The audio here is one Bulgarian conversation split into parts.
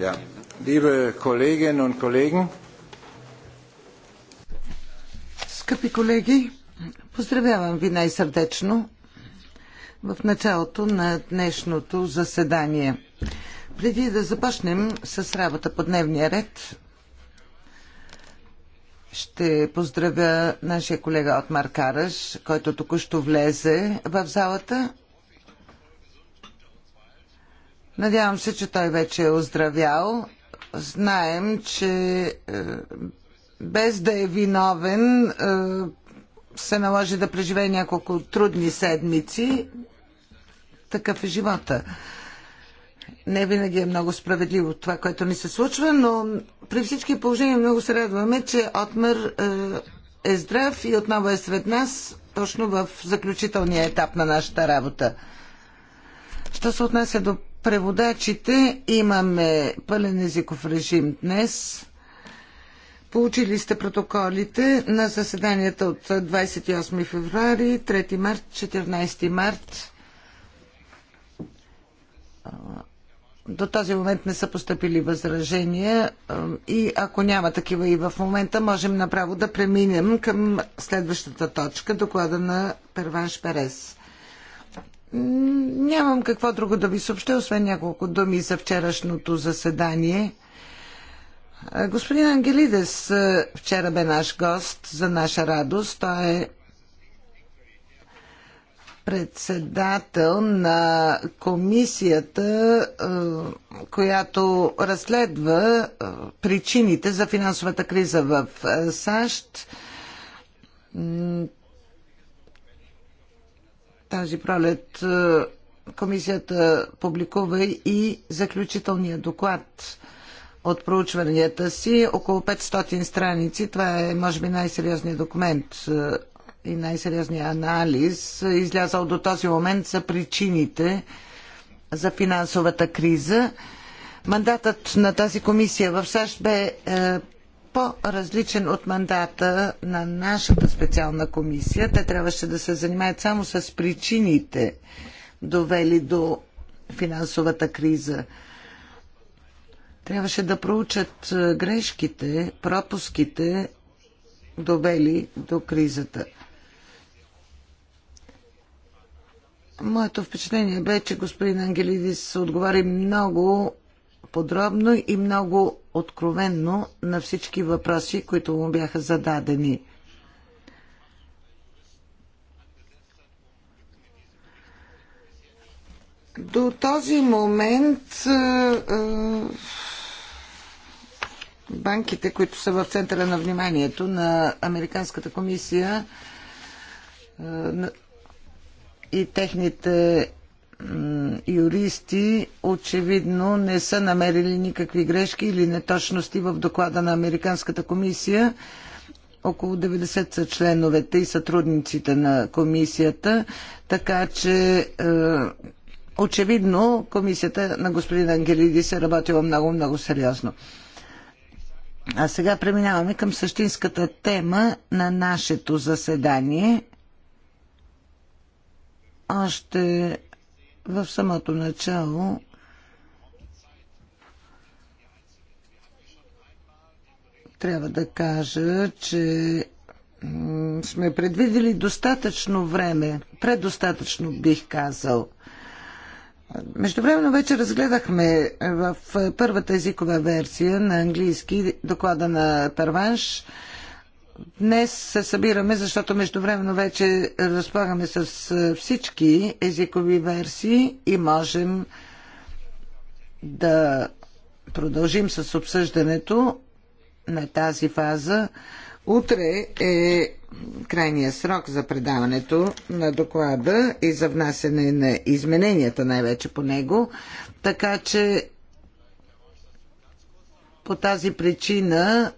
Ja. Liebe Kolleginnen und Kollegen, Скъпи колеги, поздравявам ви най-сърдечно в началото на днешното заседание. Преди да започнем с работа по дневния ред, ще поздравя нашия колега Отмар Караш, който току-що влезе в залата. Надявам се, че той вече е оздравял. Знаем, че е, без да е виновен е, се наложи да преживее няколко трудни седмици. Такъв е живота. Не винаги е много справедливо това, което ни се случва, но при всички положения много се радваме, че Отмер е, е здрав и отново е сред нас, точно в заключителния етап на нашата работа. Що се отнася до преводачите имаме пълен езиков режим днес. Получили сте протоколите на заседанията от 28 феврари, 3 март, 14 март. До този момент не са поступили възражения и ако няма такива и в момента, можем направо да преминем към следващата точка, доклада на Перванш Перес. Нямам какво друго да ви съобща, освен няколко думи за вчерашното заседание. Господин Ангелидес вчера бе наш гост за наша радост. Той е председател на комисията, която разследва причините за финансовата криза в САЩ тази пролет е, комисията публикува и заключителния доклад от проучванията си. Около 500 страници. Това е, може би, най-сериозният документ е, и най-сериозният анализ, излязал до този момент за причините за финансовата криза. Мандатът на тази комисия в САЩ бе е, по-различен от мандата на нашата специална комисия. Те трябваше да се занимаят само с причините, довели до финансовата криза. Трябваше да проучат е, грешките, пропуските, довели до кризата. Моето впечатление бе, че господин Ангелидис отговори много подробно и много откровенно на всички въпроси, които му бяха зададени. До този момент е, е, банките, които са в центъра на вниманието на Американската комисия е, и техните юристи очевидно не са намерили никакви грешки или неточности в доклада на Американската комисия. Около 90 са членовете и сътрудниците на комисията, така че е, очевидно комисията на господин Ангелидис е работила много-много сериозно. А сега преминаваме към същинската тема на нашето заседание. Още в самото начало трябва да кажа, че сме предвидели достатъчно време, предостатъчно бих казал. Междувременно вече разгледахме в първата езикова версия на английски доклада на Перванш – Днес се събираме, защото междувременно вече разполагаме с всички езикови версии и можем да продължим с обсъждането на тази фаза. Утре е крайния срок за предаването на доклада и за внасене на измененията най-вече по него, така че по тази причина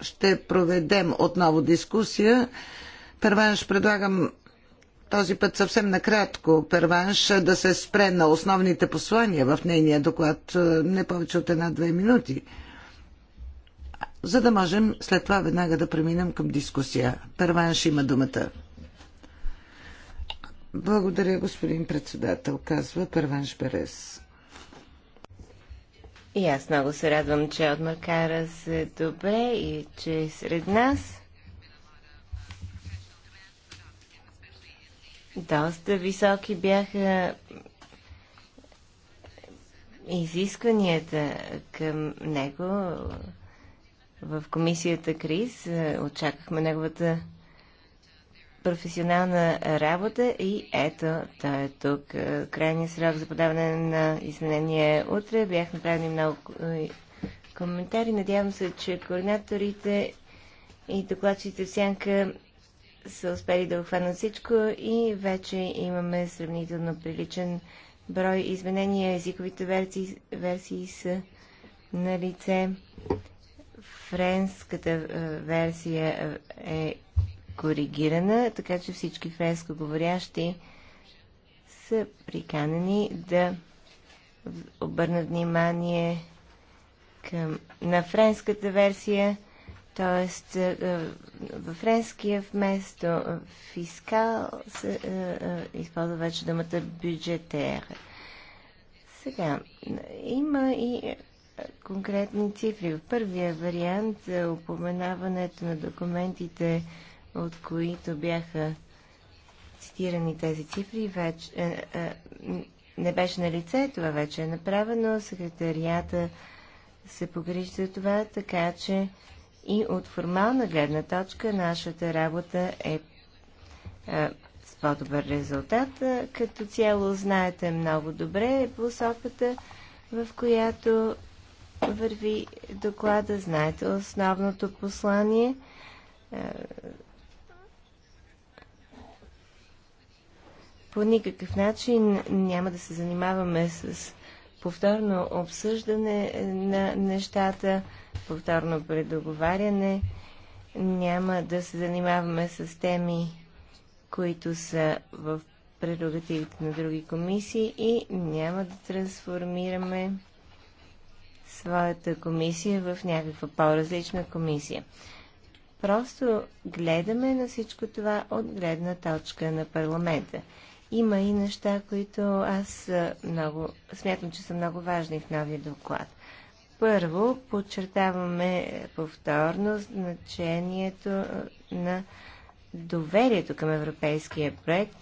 ще проведем отново дискусия. Първанш предлагам този път съвсем накратко Перванш да се спре на основните послания в нейния доклад е, не повече от една-две минути, за да можем след това веднага да преминем към дискусия. Перванш има думата. Благодаря, господин председател, казва Перванш Берес. И аз много се радвам, че Отмар се добре и че е сред нас. Доста високи бяха изискванията към него в комисията Крис. Очаквахме неговата професионална работа и ето, той е тук. Е, крайният срок за подаване на изменение е утре. Бях направени много е, коментари. Надявам се, че координаторите и докладчите в сянка са успели да охванат всичко и вече имаме сравнително приличен брой изменения. Езиковите версии, версии са на лице. Френската версия е коригирана, така че всички френско говорящи са приканени да обърнат внимание към, на френската версия, т.е. Е, е, във френския вместо фискал се е, използва вече думата бюджетер. Сега, има и конкретни цифри. В първия вариант упоменаването на документите от които бяха цитирани тези цифри, вече, е, е, не беше на лице, това вече е направено. Секретарията се погрижи за това, така че и от формална гледна точка нашата работа е, е с по-добър резултат. Е, като цяло знаете много добре посоката, в която върви доклада, знаете основното послание. Е, По никакъв начин няма да се занимаваме с повторно обсъждане на нещата, повторно предоговаряне. Няма да се занимаваме с теми, които са в прерогативите на други комисии и няма да трансформираме своята комисия в някаква по-различна комисия. Просто гледаме на всичко това от гледна точка на парламента. Има и неща, които аз много, смятам, че са много важни в новия доклад. Първо, подчертаваме повторно значението на доверието към европейския проект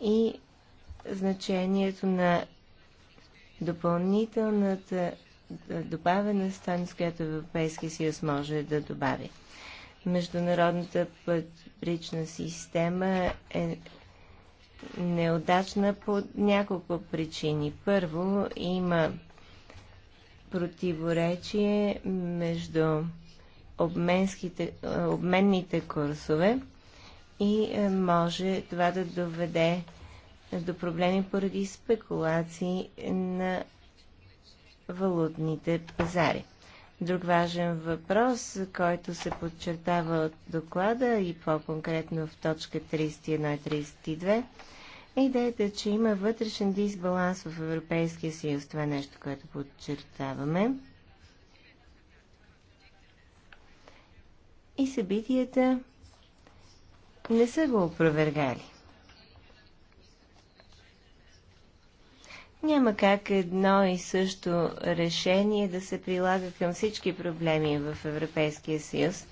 и значението на допълнителната добавена стойност, която Европейския съюз може да добави. Международната пътбрична система е неудачна по няколко причини. Първо, има противоречие между обменните курсове и може това да доведе до проблеми поради спекулации на валутните пазари. Друг важен въпрос, който се подчертава от доклада и по-конкретно в точка 31-32, е идеята, че има вътрешен дисбаланс в Европейския съюз. Това е нещо, което подчертаваме. И събитията не са го опровергали. Няма как едно и също решение да се прилага към всички проблеми в Европейския съюз,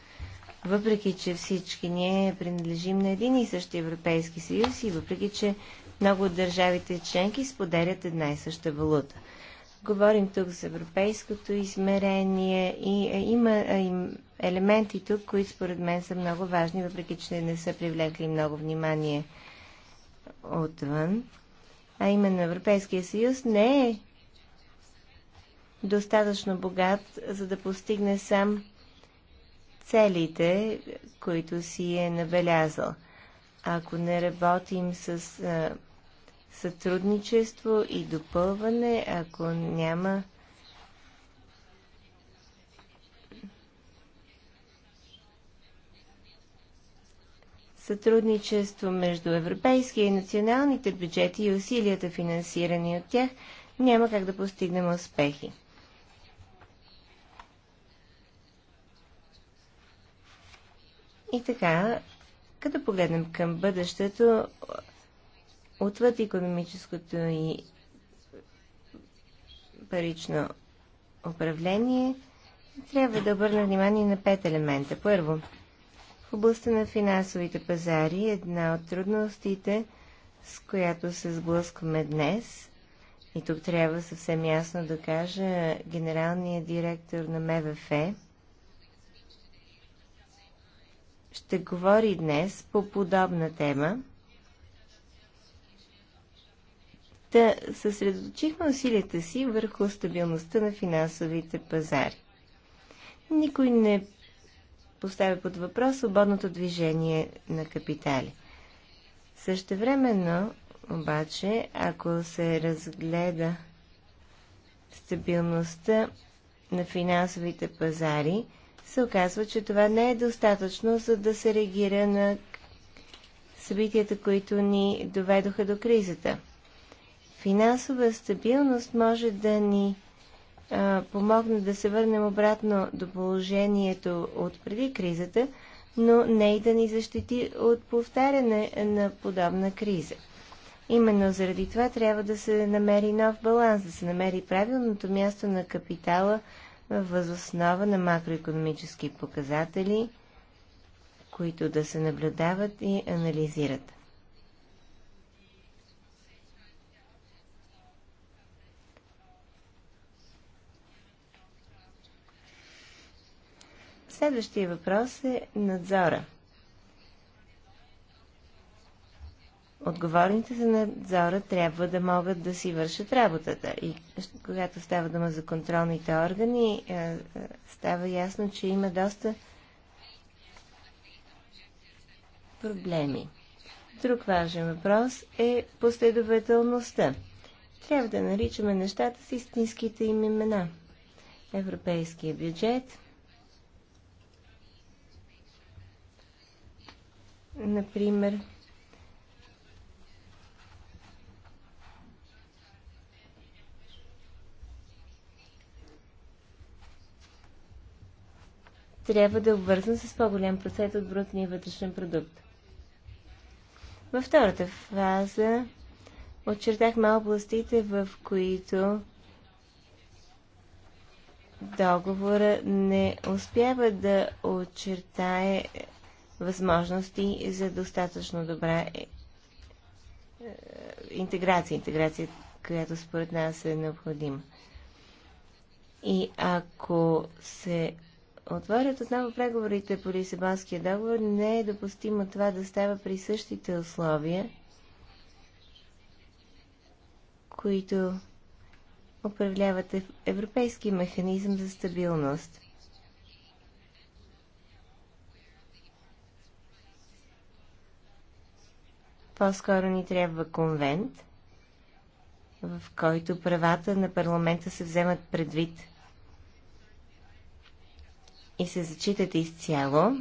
въпреки че всички ние принадлежим на един и същи Европейски съюз и въпреки че много от държавите членки споделят една и съща валута. Говорим тук за европейското измерение и е, има е, елементи тук, които според мен са много важни, въпреки че не са привлекли много внимание отвън а именно Европейския съюз, не е достатъчно богат, за да постигне сам целите, които си е набелязал. Ако не работим с а, сътрудничество и допълване, ако няма сътрудничество между европейския и националните бюджети и усилията финансирани от тях, няма как да постигнем успехи. И така, като погледнем към бъдещето, отвъд економическото и парично управление, трябва да обърна внимание на пет елемента. Първо, областта на финансовите пазари е една от трудностите, с която се сблъскваме днес, и тук трябва съвсем ясно да кажа генералният директор на МВФ, ще говори днес по подобна тема. Та да съсредоточихме усилията си върху стабилността на финансовите пазари. Никой не поставя под въпрос свободното движение на капитали. Същевременно, обаче, ако се разгледа стабилността на финансовите пазари, се оказва, че това не е достатъчно, за да се реагира на събитията, които ни доведоха до кризата. Финансова стабилност може да ни помогна да се върнем обратно до положението от преди кризата, но не и да ни защити от повтаряне на подобна криза. Именно заради това трябва да се намери нов баланс, да се намери правилното място на капитала възоснова на макроекономически показатели, които да се наблюдават и анализират. Следващия въпрос е надзора. Отговорните за надзора трябва да могат да си вършат работата. И когато става дума за контролните органи, е, е, става ясно, че има доста проблеми. Друг важен въпрос е последователността. Трябва да наричаме нещата с истинските им имена. Европейския бюджет – Например, трябва да е обвързан с по-голям процент от брутния вътрешен продукт. Във втората фаза очертахме областите, в които договора не успява да очертае възможности за достатъчно добра е, е, интеграция, интеграция, която според нас е необходима. И ако се отворят отново преговорите по Лисабонския договор, не е допустимо това да става при същите условия, които управляват Европейски механизъм за стабилност. По-скоро ни трябва конвент, в който правата на парламента се вземат предвид и се зачитат изцяло.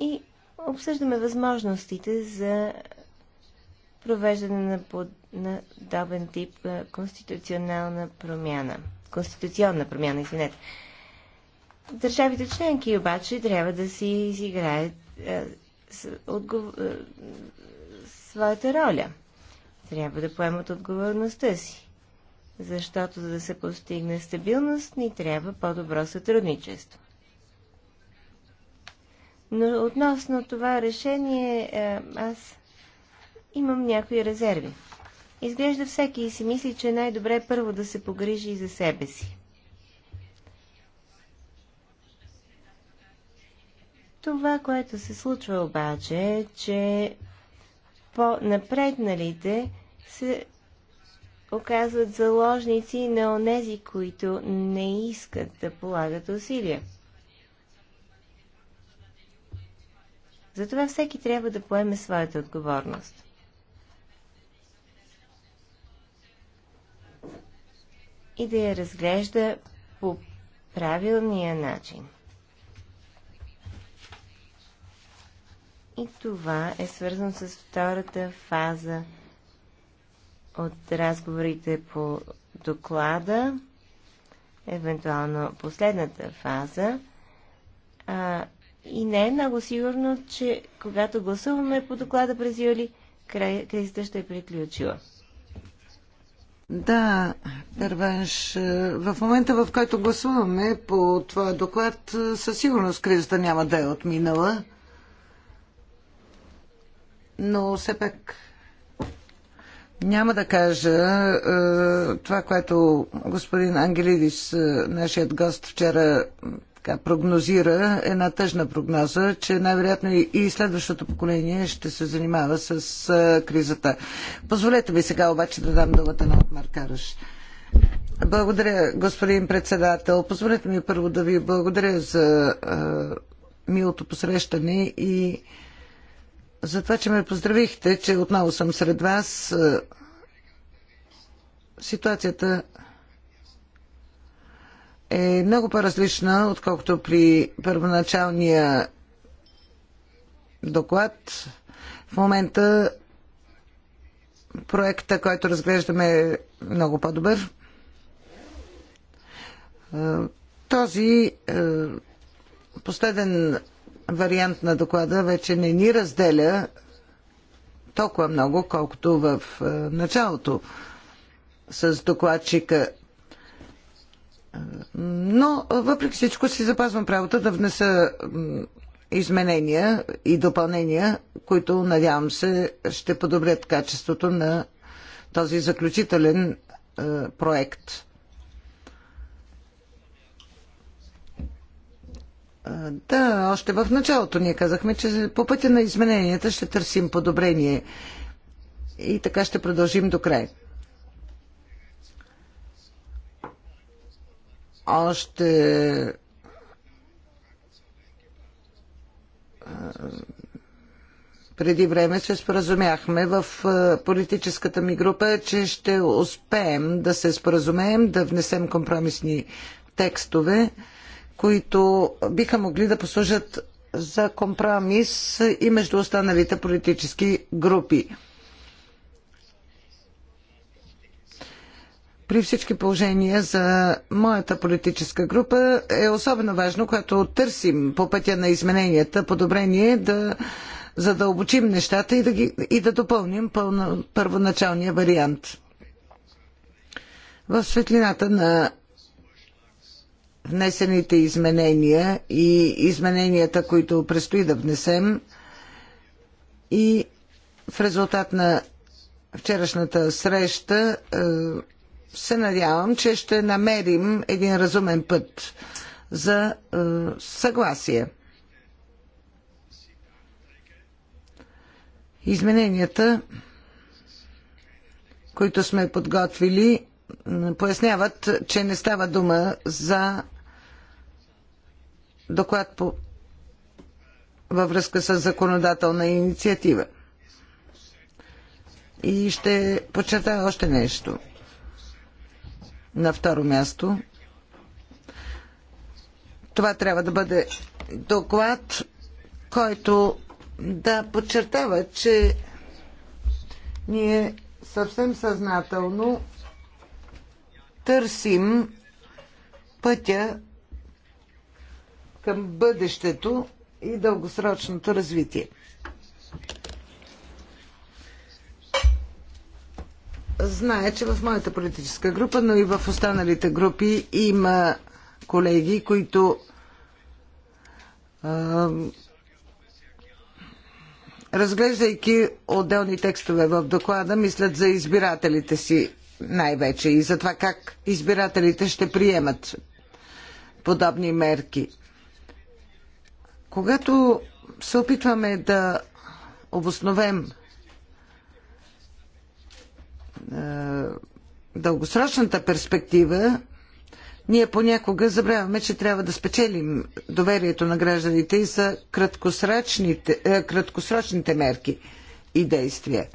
И обсъждаме възможностите за провеждане на, подобен тип конституционална промяна. Конституционна промяна, извинете. Държавите членки обаче трябва да си изиграят е, отгов... Е, своята роля. Трябва да поемат отговорността си. Защото за да се постигне стабилност, ни трябва по-добро сътрудничество. Но относно това решение, е, аз имам някои резерви. Изглежда всеки и си мисли, че най-добре е първо да се погрижи и за себе си. Това, което се случва обаче е, че по-напредналите се оказват заложници на онези, които не искат да полагат усилия. Затова всеки трябва да поеме своята отговорност. И да я разглежда по правилния начин – И това е свързано с втората фаза от разговорите по доклада, евентуално последната фаза. А, и не е много сигурно, че когато гласуваме по доклада през юли, край, кризата ще е приключила. Да, Первенш, е, в момента в който гласуваме по твоя доклад, е, със сигурност кризата няма да е отминала но все пак няма да кажа е, това, което господин Ангелидис, е, нашият гост вчера така, прогнозира, една тъжна прогноза, че най-вероятно и следващото поколение ще се занимава с е, кризата. Позволете ми сега обаче да дам думата на Отмар Караш. Благодаря, господин председател. Позволете ми първо да ви благодаря за е, милото посрещане и е, за това, че ме поздравихте, че отново съм сред вас. Ситуацията е много по-различна, отколкото при първоначалния доклад. В момента проекта, който разглеждаме е много по-добър. Този е, последен вариант на доклада вече не ни разделя толкова много, колкото в е, началото с докладчика. Е, но е, въпреки всичко си запазвам правото да внеса изменения и допълнения, които надявам се ще подобрят качеството на този заключителен проект. Да, още в началото ние казахме, че по пътя на измененията ще търсим подобрение и така ще продължим до край. Още преди време се споразумяхме в политическата ми група, че ще успеем да се споразумеем, да внесем компромисни текстове които биха могли да послужат за компромис и между останалите политически групи. При всички положения за моята политическа група е особено важно, когато търсим по пътя на измененията подобрение да задълбочим да нещата и да, ги, и да допълним пълно, първоначалния вариант. В светлината на внесените изменения и измененията, които предстои да внесем и в резултат на вчерашната среща е, се надявам, че ще намерим един разумен път за е, съгласие. Измененията, които сме подготвили, поясняват, че не става дума за доклад по, във връзка с законодателна инициатива. И ще подчертая още нещо. На второ място, това трябва да бъде доклад, който да подчертава, че ние съвсем съзнателно търсим пътя към бъдещето и дългосрочното развитие. Знае, че в моята политическа група, но и в останалите групи има колеги, които разглеждайки отделни текстове в доклада, мислят за избирателите си най-вече и за това как избирателите ще приемат подобни мерки. Когато се опитваме да обосновем е, дългосрочната перспектива, ние понякога забравяме, че трябва да спечелим доверието на гражданите и за краткосрочните, е, краткосрочните мерки и действия.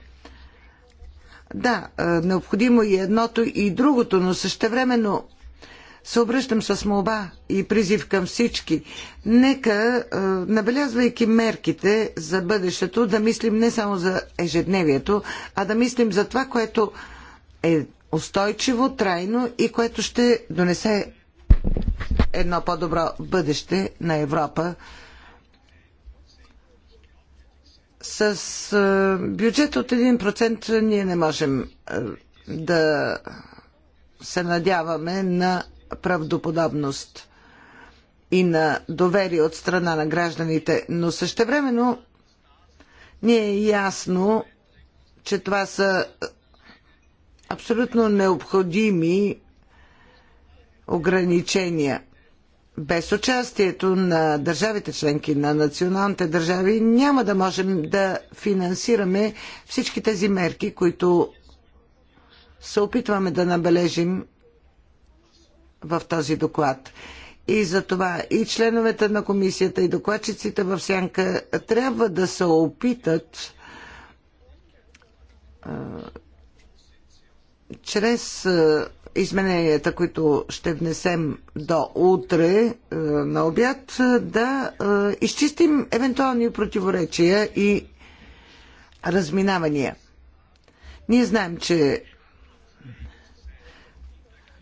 Да, е, необходимо е и едното и другото, но същевременно се обръщам с молба и призив към всички. Нека, е, набелязвайки мерките за бъдещето, да мислим не само за ежедневието, а да мислим за това, което е устойчиво, трайно и което ще донесе едно по-добро бъдеще на Европа с бюджет от 1% ние не можем да се надяваме на правдоподобност и на доверие от страна на гражданите, но същевременно ни е ясно, че това са абсолютно необходими ограничения – без участието на държавите членки, на националните държави, няма да можем да финансираме всички тези мерки, които се опитваме да набележим в този доклад. И за това и членовете на комисията, и докладчиците в Сянка трябва да се опитат чрез измененията, които ще внесем до утре е, на обяд, е, да е, изчистим евентуални противоречия и разминавания. Ние знаем, че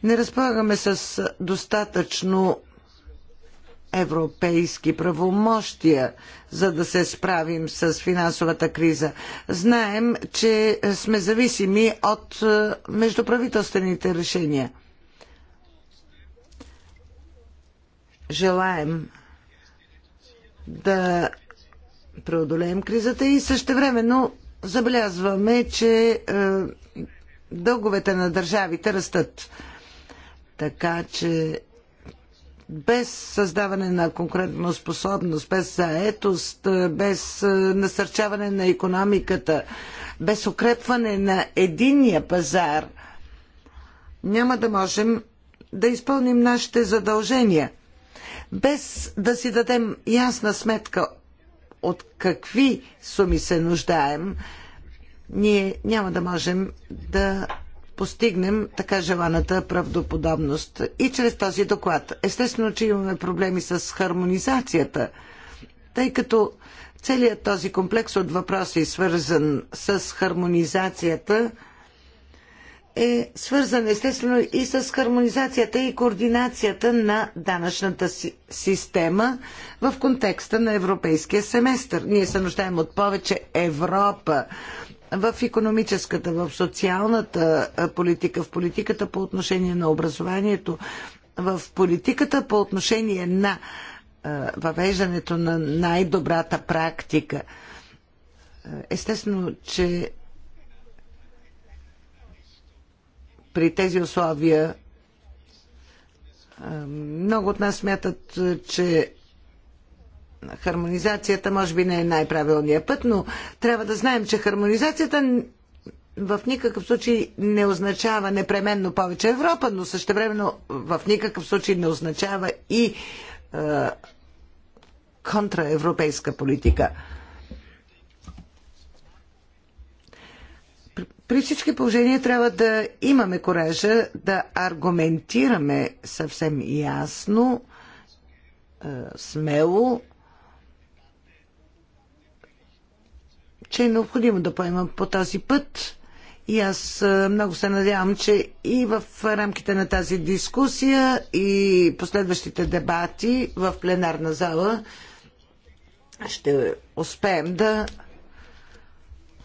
не разполагаме с достатъчно европейски правомощия, за да се справим с финансовата криза. Знаем, че сме зависими от е, междуправителствените решения. Желаем да преодолеем кризата и същевременно забелязваме, че е, дълговете на държавите растат. Така че без създаване на конкретна способност, без заетост, без насърчаване на економиката, без укрепване на единния пазар, няма да можем да изпълним нашите задължения. Без да си дадем ясна сметка от какви суми се нуждаем, ние няма да можем да постигнем така желаната правдоподобност и чрез този доклад. Естествено, че имаме проблеми с хармонизацията, тъй като целият този комплекс от въпроси, свързан с хармонизацията, е свързан естествено и с хармонизацията и координацията на данъчната си, система в контекста на европейския семестър. Ние се нуждаем от повече Европа в економическата, в социалната политика, в политиката по отношение на образованието, в политиката по отношение на въвеждането на най-добрата практика. Естествено, че при тези условия много от нас смятат, че хармонизацията може би не е най-правилният път, но трябва да знаем, че хармонизацията в никакъв случай не означава непременно повече Европа, но същевременно в никакъв случай не означава и е, контраевропейска политика. При всички положения трябва да имаме коража да аргументираме съвсем ясно, е, смело че е необходимо да поемам по този път. И аз много се надявам, че и в рамките на тази дискусия и последващите дебати в пленарна зала ще успеем да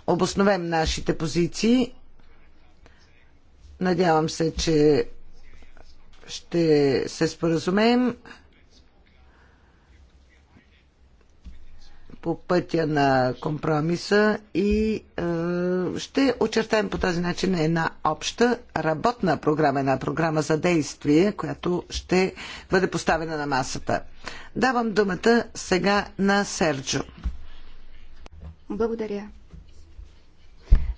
обосновем нашите позиции. Надявам се, че ще се споразумеем. по пътя на компромиса и е, ще очертаем по този начин една обща работна програма, една програма за действие, която ще бъде поставена на масата. Давам думата сега на Серджо. Благодаря.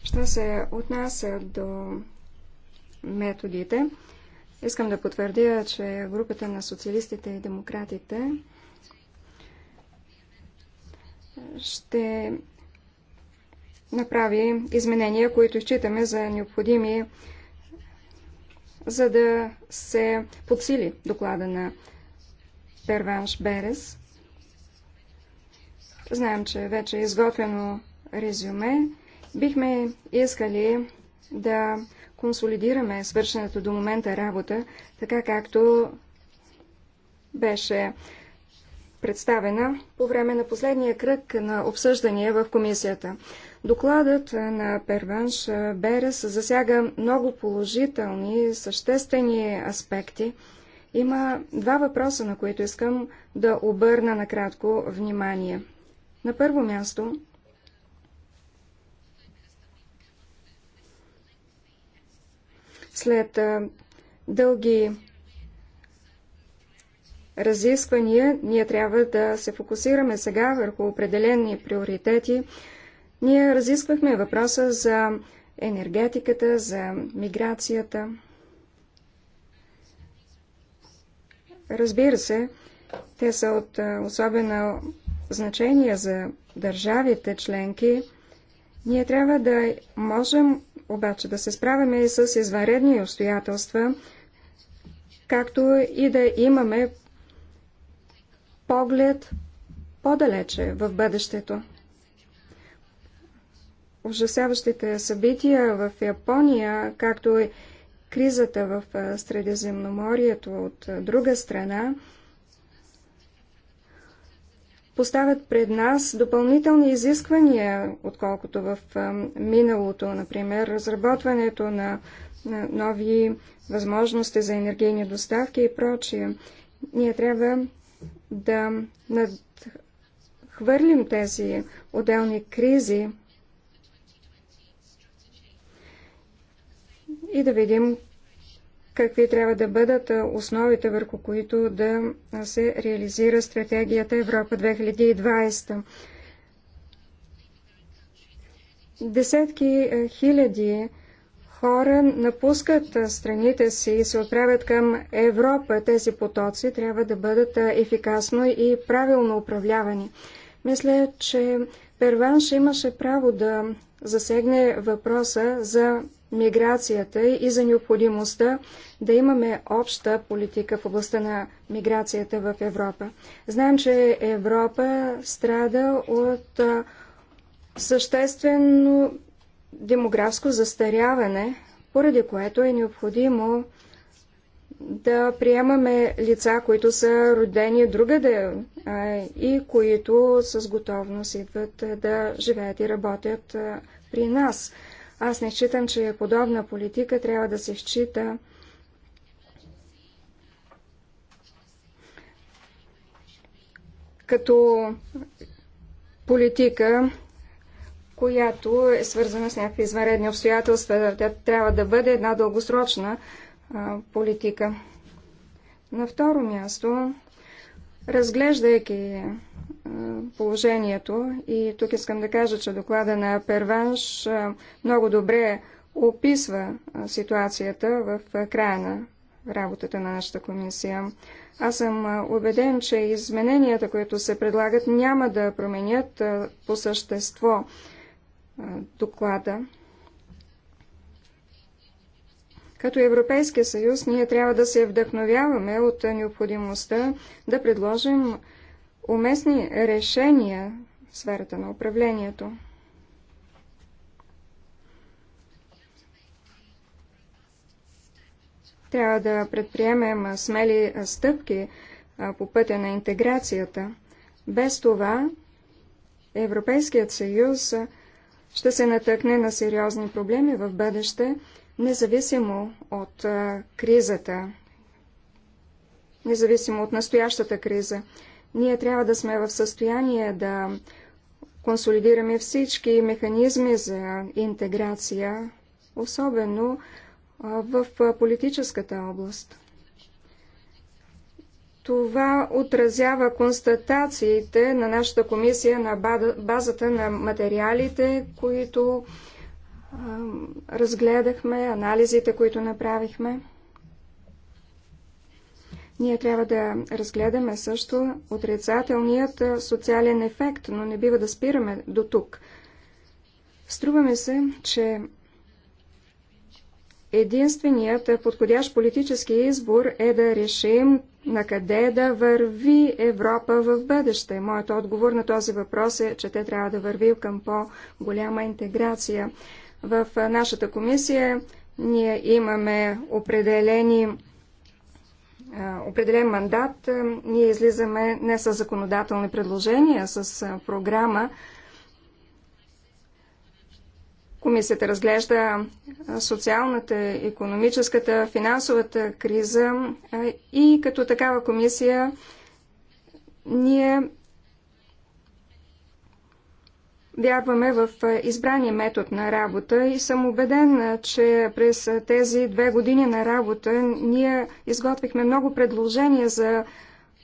Що се отнася до методите, искам да потвърдя, че групата на социалистите и демократите ще направи изменения, които считаме за необходими, за да се подсили доклада на Перванш Берес. Знаем, че вече е изготвено резюме. Бихме искали да консолидираме свършената до момента работа, така както беше представена по време на последния кръг на обсъждания в комисията. Докладът на Перванш Берес засяга много положителни, съществени аспекти. Има два въпроса, на които искам да обърна накратко внимание. На първо място, след дълги разисквания. Ние трябва да се фокусираме сега върху определени приоритети. Ние разисквахме въпроса за енергетиката, за миграцията. Разбира се, те са от особено значение за държавите членки. Ние трябва да можем обаче да се справяме и с извънредни обстоятелства, както и да имаме поглед по-далече в бъдещето. Ужасяващите събития в Япония, както и кризата в Средиземноморието от друга страна, поставят пред нас допълнителни изисквания, отколкото в миналото, например, разработването на нови възможности за енергийни доставки и прочие. Ние трябва да надхвърлим тези отделни кризи и да видим какви трябва да бъдат основите, върху които да се реализира стратегията Европа 2020. Десетки хиляди хора напускат страните си и се отправят към Европа. Тези потоци трябва да бъдат ефикасно и правилно управлявани. Мисля, че Перванш имаше право да засегне въпроса за миграцията и за необходимостта да имаме обща политика в областта на миграцията в Европа. Знаем, че Европа страда от съществено демографско застаряване, поради което е необходимо да приемаме лица, които са родени другаде и които с готовност идват да живеят и работят при нас. Аз не считам, че подобна политика трябва да се счита като политика която е свързана с някакви изваредни обстоятелства. Тя трябва да бъде една дългосрочна а, политика. На второ място, разглеждайки положението, и тук искам да кажа, че доклада на Перванш много добре описва ситуацията в края на работата на нашата комисия. Аз съм убеден, че измененията, които се предлагат, няма да променят по същество доклада. Като Европейския съюз ние трябва да се вдъхновяваме от необходимостта да предложим уместни решения в сферата на управлението. Трябва да предприемем смели стъпки по пътя на интеграцията. Без това Европейският съюз ще се натъкне на сериозни проблеми в бъдеще, независимо от а, кризата, независимо от настоящата криза. Ние трябва да сме в състояние да консолидираме всички механизми за интеграция, особено а, в политическата област. Това отразява констатациите на нашата комисия на базата на материалите, които разгледахме, анализите, които направихме. Ние трябва да разгледаме също отрицателният социален ефект, но не бива да спираме до тук. Струваме се, че Единственият подходящ политически избор е да решим на къде да върви Европа в бъдеще. Моят отговор на този въпрос е, че те трябва да върви към по-голяма интеграция. В нашата комисия ние имаме определени определен мандат. Ние излизаме не с законодателни предложения, а с програма, Комисията разглежда социалната, економическата, финансовата криза и като такава комисия ние вярваме в избрания метод на работа и съм убеден, че през тези две години на работа ние изготвихме много предложения за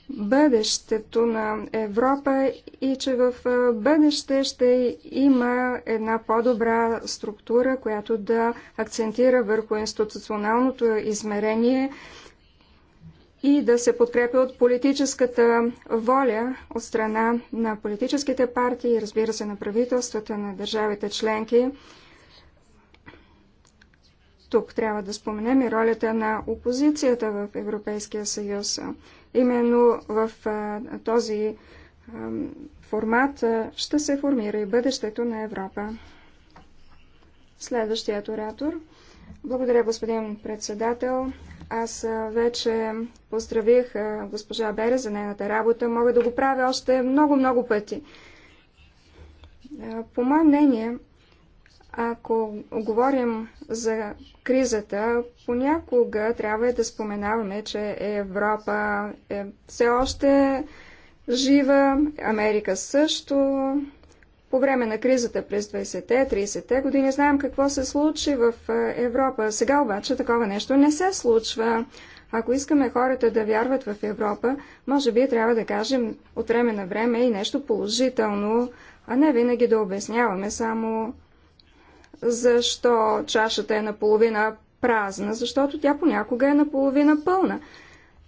бъдещето на Европа и че в бъдеще ще има една по-добра структура, която да акцентира върху институционалното измерение и да се подкрепя от политическата воля от страна на политическите партии и разбира се на правителствата на държавите членки. Тук трябва да споменем и ролята на опозицията в Европейския съюз. Именно в този формат ще се формира и бъдещето на Европа. Следващият оратор. Благодаря, господин председател. Аз вече поздравих госпожа Бере за нейната работа. Мога да го правя още много-много пъти. По мое мнение, ако говорим за кризата, понякога трябва да споменаваме, че Европа е все още жива, Америка също. По време на кризата през 20-те, 30-те години знаем какво се случи в е, Европа. Сега обаче такова нещо не се случва. Ако искаме хората да вярват в Европа, може би трябва да кажем от време на време и нещо положително, а не винаги да обясняваме само защо чашата е наполовина празна, защото тя понякога е наполовина пълна.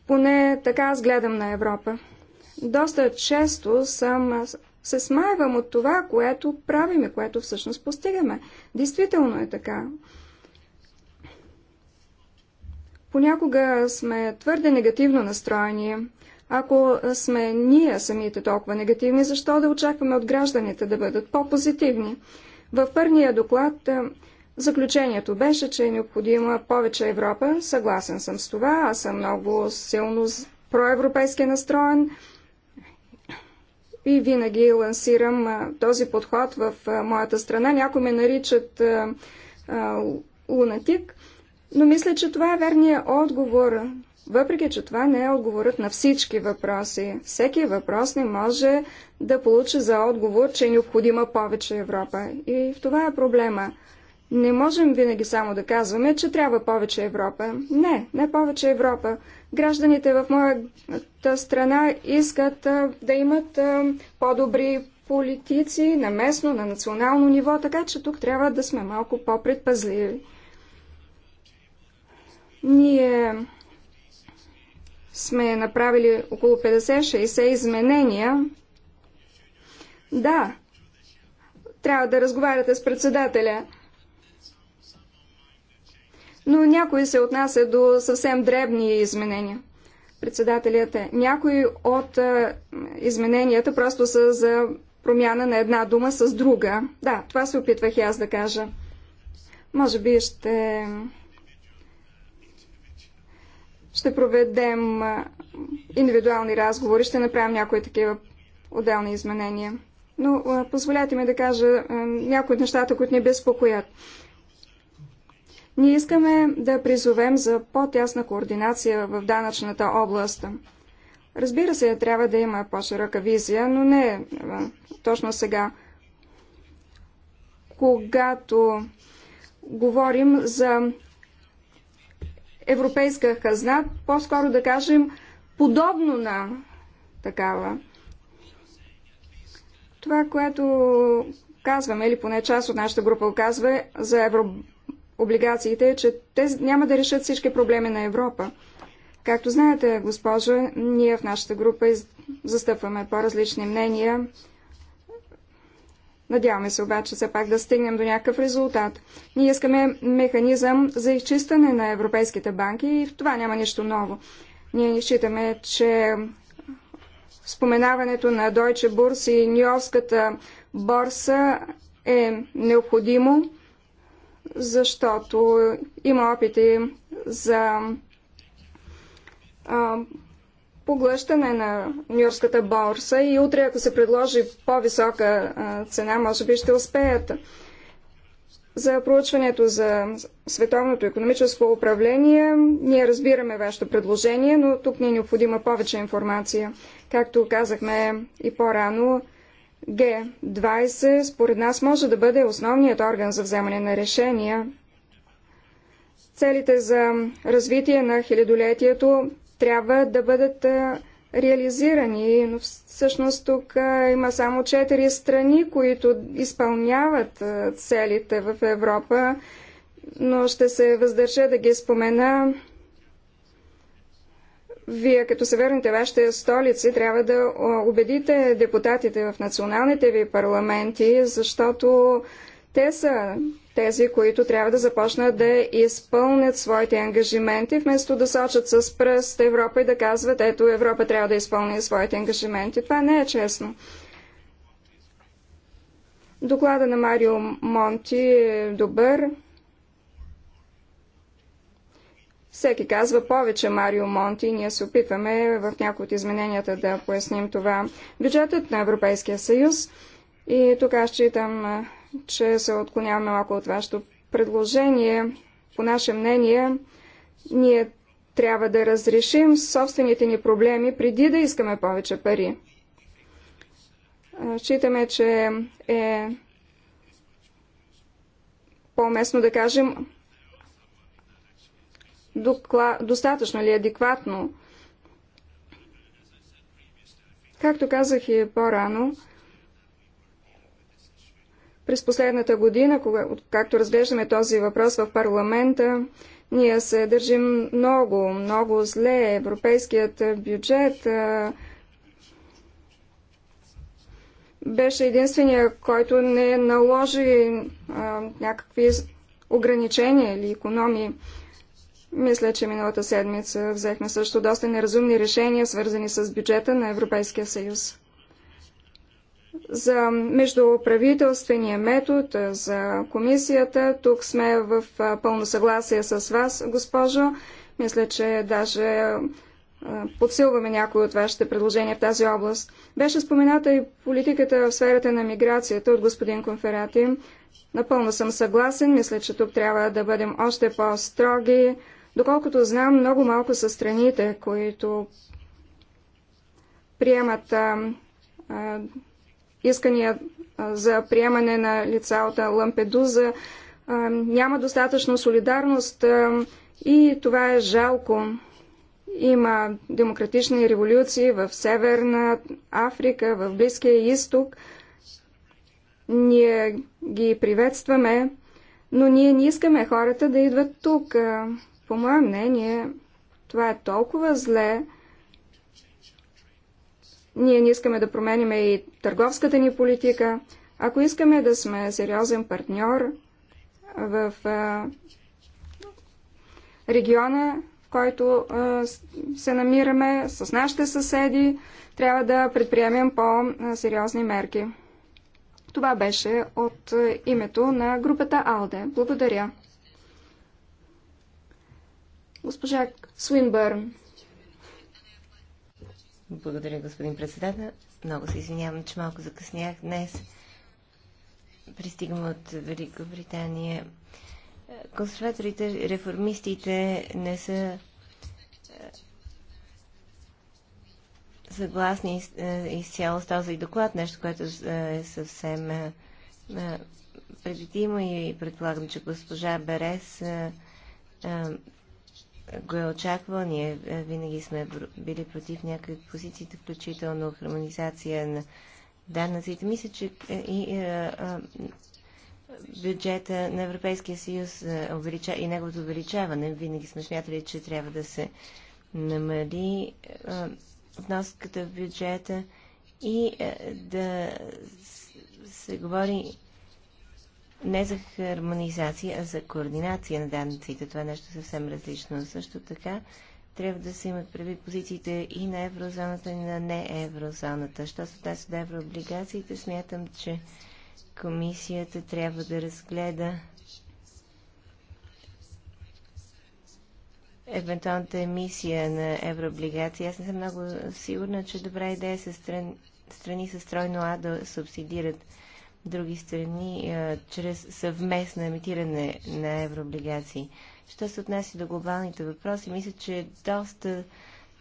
Поне така аз гледам на Европа. Доста често съм се смайвам от това, което правим и което всъщност постигаме. Действително е така. Понякога сме твърде негативно настроени. Ако сме ние самите толкова негативни, защо да очакваме от гражданите да бъдат по-позитивни? В първия доклад е, заключението беше, че е необходима повече Европа. Съгласен съм с това. Аз съм много силно проевропейски настроен и винаги лансирам е, този подход в е, моята страна. Някои ме наричат лунатик, но мисля, че това е верният отговор въпреки, че това не е отговорът на всички въпроси, всеки въпрос не може да получи за отговор, че е необходима повече Европа. И в това е проблема. Не можем винаги само да казваме, че трябва повече Европа. Не, не повече Европа. Гражданите в моята страна искат а, да имат а, по-добри политици на местно, на национално ниво, така че тук трябва да сме малко по-предпазливи. Ние сме направили около 50-60 изменения. Да, трябва да разговаряте с председателя. Но някои се отнася до съвсем дребни изменения. Председателят е. Някои от а, измененията просто са за промяна на една дума с друга. Да, това се опитвах и аз да кажа. Може би ще ще проведем индивидуални разговори, ще направим някои такива отделни изменения. Но позволяйте ми да кажа някои от нещата, които ни безпокоят. Ние искаме да призовем за по-тясна координация в данъчната област. Разбира се, трябва да има по-широка визия, но не точно сега. Когато говорим за европейска хазна, по-скоро да кажем подобно на такава. Това, което казваме, или поне част от нашата група оказва за еврооблигациите, е, че те няма да решат всички проблеми на Европа. Както знаете, госпожо, ние в нашата група застъпваме по-различни мнения Надяваме се обаче все пак да стигнем до някакъв резултат. Ние искаме механизъм за изчистване на европейските банки и в това няма нищо ново. Ние не считаме, че споменаването на Deutsche Burs и Нью-Йоркската борса е необходимо, защото има опити за поглъщане на Нюрската борса и утре, ако се предложи по-висока цена, може би ще успеят. За проучването за световното економическо управление ние разбираме вашето предложение, но тук не е необходима повече информация. Както казахме и по-рано, Г-20 според нас може да бъде основният орган за вземане на решения. Целите за развитие на хилядолетието трябва да бъдат реализирани, но всъщност тук има само четири страни, които изпълняват целите в Европа, но ще се въздържа да ги спомена. Вие, като се върнете вашите столици, трябва да убедите депутатите в националните ви парламенти, защото те са тези, които трябва да започнат да изпълнят своите ангажименти, вместо да сочат с пръст Европа и да казват, ето Европа трябва да изпълни своите ангажименти. Това не е честно. Доклада на Марио Монти е добър. Всеки казва повече Марио Монти. Ние се опитваме в някои от измененията да поясним това. Бюджетът на Европейския съюз и тук аз считам че се отклоняваме малко от вашето предложение. По наше мнение, ние трябва да разрешим собствените ни проблеми преди да искаме повече пари. Считаме, че е по-уместно да кажем достатъчно ли е адекватно. Както казах и по-рано, през последната година, кога, както разглеждаме този въпрос в парламента, ние се държим много, много зле. Европейският бюджет а, беше единствения, който не наложи а, някакви ограничения или економии. Мисля, че миналата седмица взехме също доста неразумни решения, свързани с бюджета на Европейския съюз за междуправителствения метод, за комисията. Тук сме в пълно съгласие с вас, госпожо. Мисля, че даже подсилваме някои от вашите предложения в тази област. Беше спомената и политиката в сферата на миграцията от господин Конферати. Напълно съм съгласен. Мисля, че тук трябва да бъдем още по-строги. Доколкото знам, много малко са страните, които приемат искания за приемане на лица от Лампедуза. Няма достатъчно солидарност и това е жалко. Има демократични революции в Северна Африка, в Близкия изток. Ние ги приветстваме, но ние не искаме хората да идват тук. По мое мнение, това е толкова зле, ние не искаме да променим и търговската ни политика. Ако искаме да сме сериозен партньор в региона, в който се намираме с нашите съседи, трябва да предприемем по-сериозни мерки. Това беше от името на групата АЛДЕ. Благодаря. Госпожа Свинбърн. Благодаря, господин председател. Много се извинявам, че малко закъснях днес. Пристигам от Великобритания. Консерваторите, реформистите не са е, съгласни е, изцяло с този доклад, нещо, което е, е съвсем предвидимо и предполагам, че госпожа Берес го е очаквал. Ние е, винаги сме били против някакви позициите, включително хармонизация на данъците. Мисля, че е, и е, бюджета на Европейския съюз увелича, и неговото увеличаване винаги сме смятали, че трябва да се намали вноската в бюджета и да се говори не за хармонизация, а за координация на данъците. Това е нещо съвсем различно. Също така трябва да се имат предвид позициите и на еврозоната, и на не-еврозоната. Що се отнася до еврооблигациите, смятам, че комисията трябва да разгледа евентуалната емисия на еврооблигации. Аз не съм много сигурна, че добра идея е се страни, страни с тройно А да субсидират други страни чрез съвместно емитиране на еврооблигации. Що се отнася до глобалните въпроси, мисля, че е доста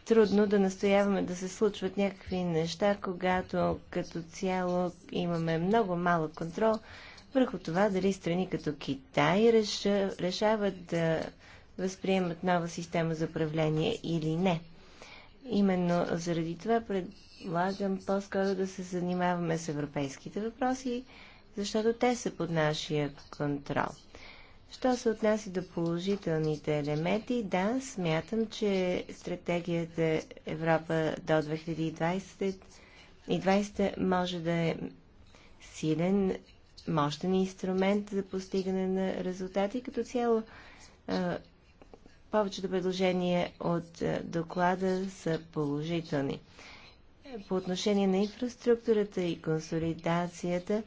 трудно да настояваме да се случват някакви неща, когато като цяло имаме много малък контрол върху това дали страни като Китай решават да възприемат нова система за управление или не. Именно заради това пред предлагам по-скоро да се занимаваме с европейските въпроси, защото те са под нашия контрол. Що се отнася до положителните елементи, да, смятам, че стратегията Европа до 2020, 2020 може да е силен, мощен инструмент за постигане на резултати. Като цяло, повечето предложения от доклада са положителни по отношение на инфраструктурата и консолидацията,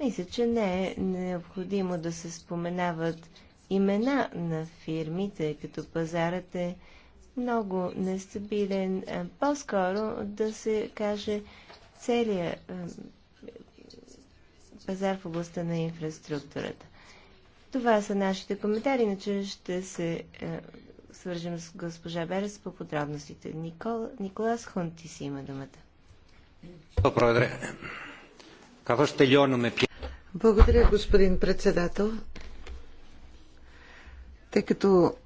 мисля, че не е необходимо да се споменават имена на фирмите, като пазарът е много нестабилен. По-скоро да се каже целият пазар в областта на инфраструктурата. Това са нашите коментари, иначе ще се свържем с госпожа Берес по подробностите. Никола, Николас Хунтис има думата. Благодаря, господин председател. Тъй като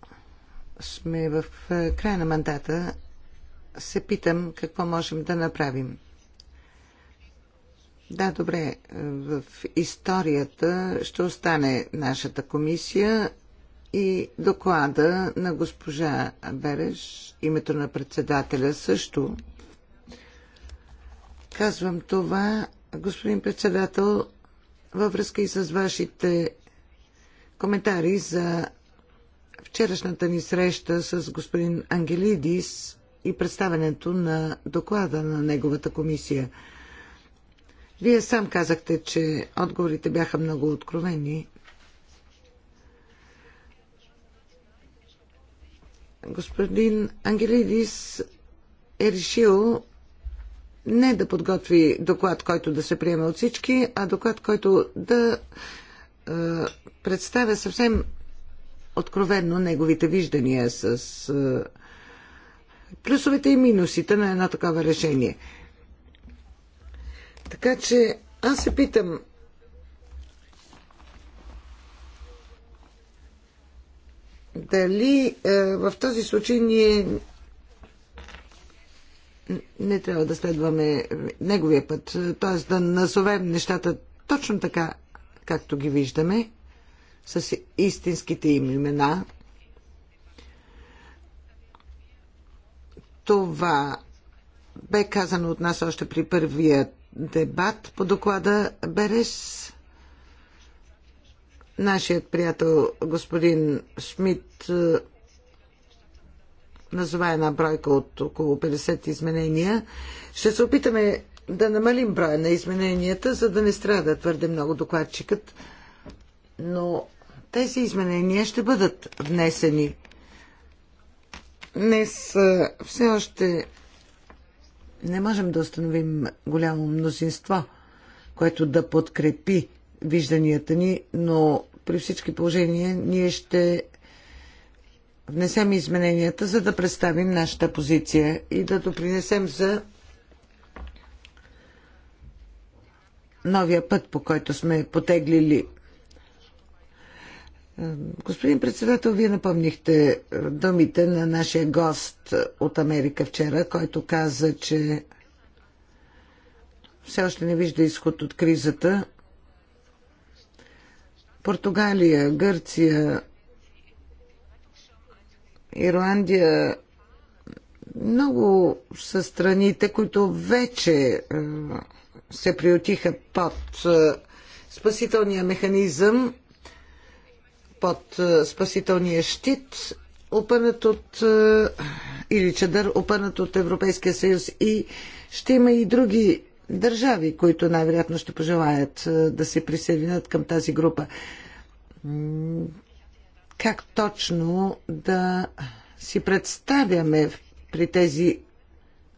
сме в е, края на мандата, се питам какво можем да направим. Да, добре, е, в историята ще остане нашата комисия и доклада на госпожа Береш, името на председателя също Казвам това, господин председател, във връзка и с вашите коментари за вчерашната ни среща с господин Ангелидис и представенето на доклада на неговата комисия. Вие сам казахте, че отговорите бяха много откровени. Господин Ангелидис е решил не да подготви доклад, който да се приеме от всички, а доклад, който да е, представя съвсем откровенно неговите виждания с е, плюсовете и минусите на едно такова решение. Така че аз се питам, дали е, в този случай ние не трябва да следваме неговия път, т.е. да назовем нещата точно така, както ги виждаме, с истинските им имена. Това бе казано от нас още при първия дебат по доклада Берес. Нашият приятел господин Шмидт назова една бройка от около 50 изменения. Ще се опитаме да намалим броя на измененията, за да не страда твърде много докладчикът. Но тези изменения ще бъдат внесени. Днес все още не можем да установим голямо мнозинство, което да подкрепи вижданията ни, но при всички положения ние ще внесем измененията, за да представим нашата позиция и да допринесем за новия път, по който сме потеглили. Господин председател, вие напомнихте думите на нашия гост от Америка вчера, който каза, че все още не вижда изход от кризата. Португалия, Гърция, Ирландия много са страните, които вече е, се приотиха под е, спасителния механизъм, под е, спасителния щит, опънат от или чадър, опънат от Европейския съюз и ще има и други държави, които най-вероятно ще пожелаят да се присъединят към тази група как точно да си представяме при тези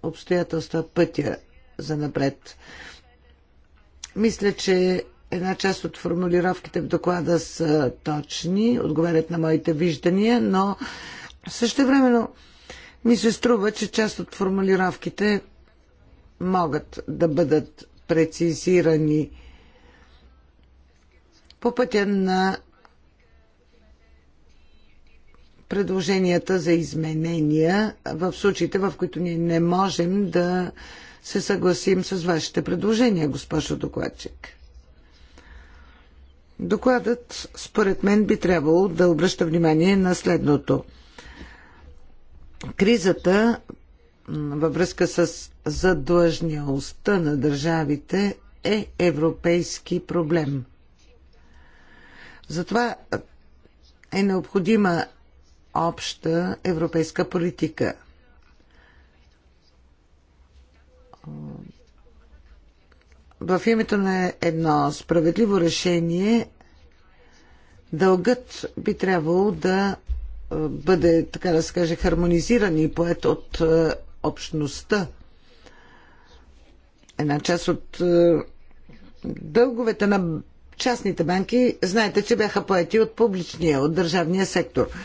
обстоятелства пътя за напред. Мисля, че една част от формулировките в доклада са точни, отговарят на моите виждания, но също времено ми се струва, че част от формулировките могат да бъдат прецизирани по пътя на предложенията за изменения в случаите, в които ние не можем да се съгласим с вашите предложения, госпожо докладчик. Докладът, според мен, би трябвало да обръща внимание на следното. Кризата във връзка с задлъжнялостта на държавите е европейски проблем. Затова е необходима обща европейска политика. В името на едно справедливо решение дългът би трябвало да бъде, така да се каже, хармонизиран и поет от общността. Една част от дълговете на частните банки, знаете, че бяха поети от публичния, от държавния сектор –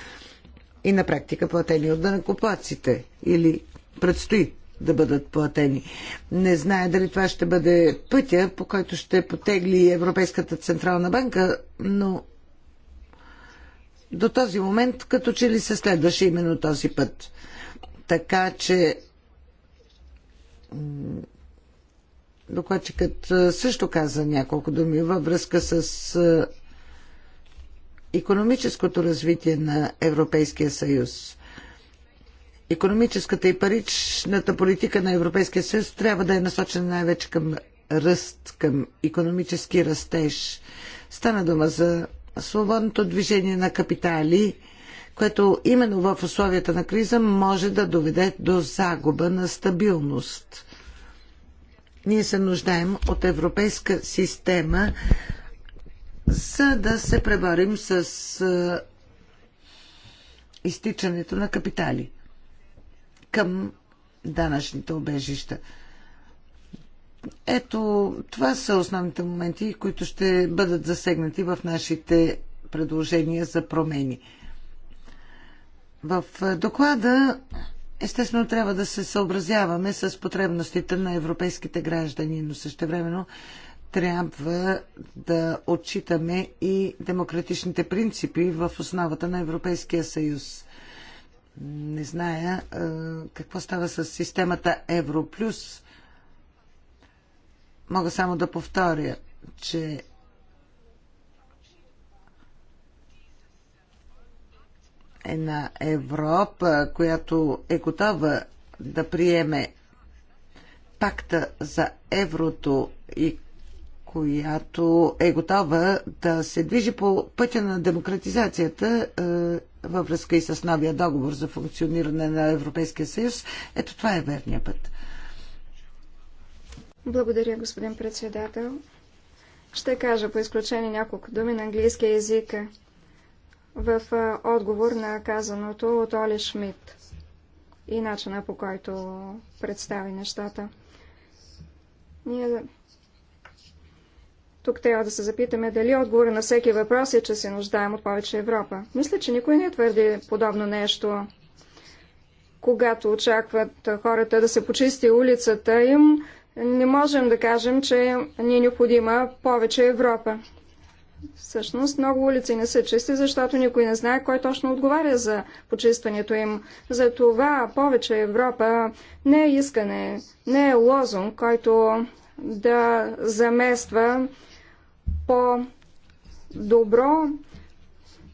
и на практика платени от данъкоплаците или предстои да бъдат платени. Не знае дали това ще бъде пътя, по който ще потегли Европейската Централна банка, но до този момент като че ли се следваше именно този път. Така че докладчикът също каза няколко думи във връзка с економическото развитие на Европейския съюз. Економическата и паричната политика на Европейския съюз трябва да е насочена най-вече към ръст, към економически растеж. Стана дума за свободното движение на капитали, което именно в условията на криза може да доведе до загуба на стабилност. Ние се нуждаем от европейска система за да се преварим с изтичането на капитали към данъчните обежища. Ето, това са основните моменти, които ще бъдат засегнати в нашите предложения за промени. В доклада, естествено, трябва да се съобразяваме с потребностите на европейските граждани, но същевременно времено трябва да отчитаме и демократичните принципи в основата на Европейския съюз. Не зная какво става с системата Европлюс. Мога само да повторя, че една Европа, която е готова да приеме пакта за еврото и която е готова да се движи по пътя на демократизацията е, във връзка и с новия договор за функциониране на Европейския съюз. Ето това е верният път. Благодаря, господин председател. Ще кажа по изключение няколко думи на английския език в е, отговор на казаното от Оле Шмидт и начина по който представи нещата. Ние тук трябва да се запитаме дали отговора на всеки въпрос е, че се нуждаем от повече Европа. Мисля, че никой не твърди подобно нещо. Когато очакват хората да се почисти улицата им, не можем да кажем, че ни е необходима повече Европа. Всъщност много улици не са чисти, защото никой не знае кой точно отговаря за почистването им. Затова повече Европа не е искане, не е лозунг, който да замества по-добро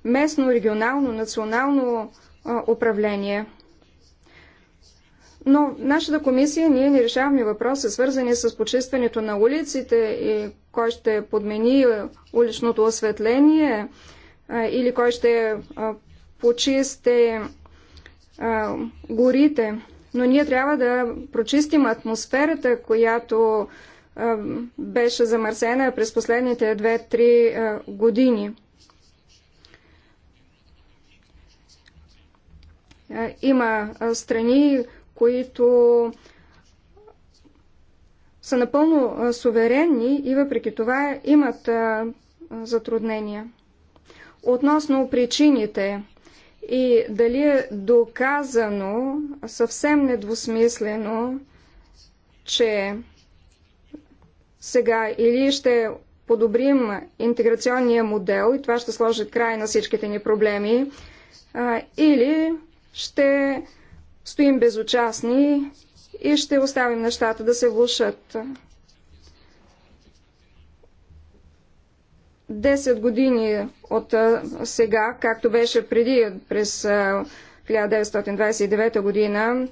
местно, регионално, национално а, управление. Но нашата комисия ние не решаваме въпроси, свързани с почистването на улиците и кой ще подмени уличното осветление а, или кой ще а, почисти а, горите. Но ние трябва да прочистим атмосферата, която беше замърсена през последните 2-3 години. Има страни, които са напълно суверенни и въпреки това имат затруднения. Относно причините и дали е доказано съвсем недвусмислено, че сега или ще подобрим интеграционния модел и това ще сложи край на всичките ни проблеми, или ще стоим безучастни и ще оставим нещата да се влушат. 10 години от сега, както беше преди през 1929 година,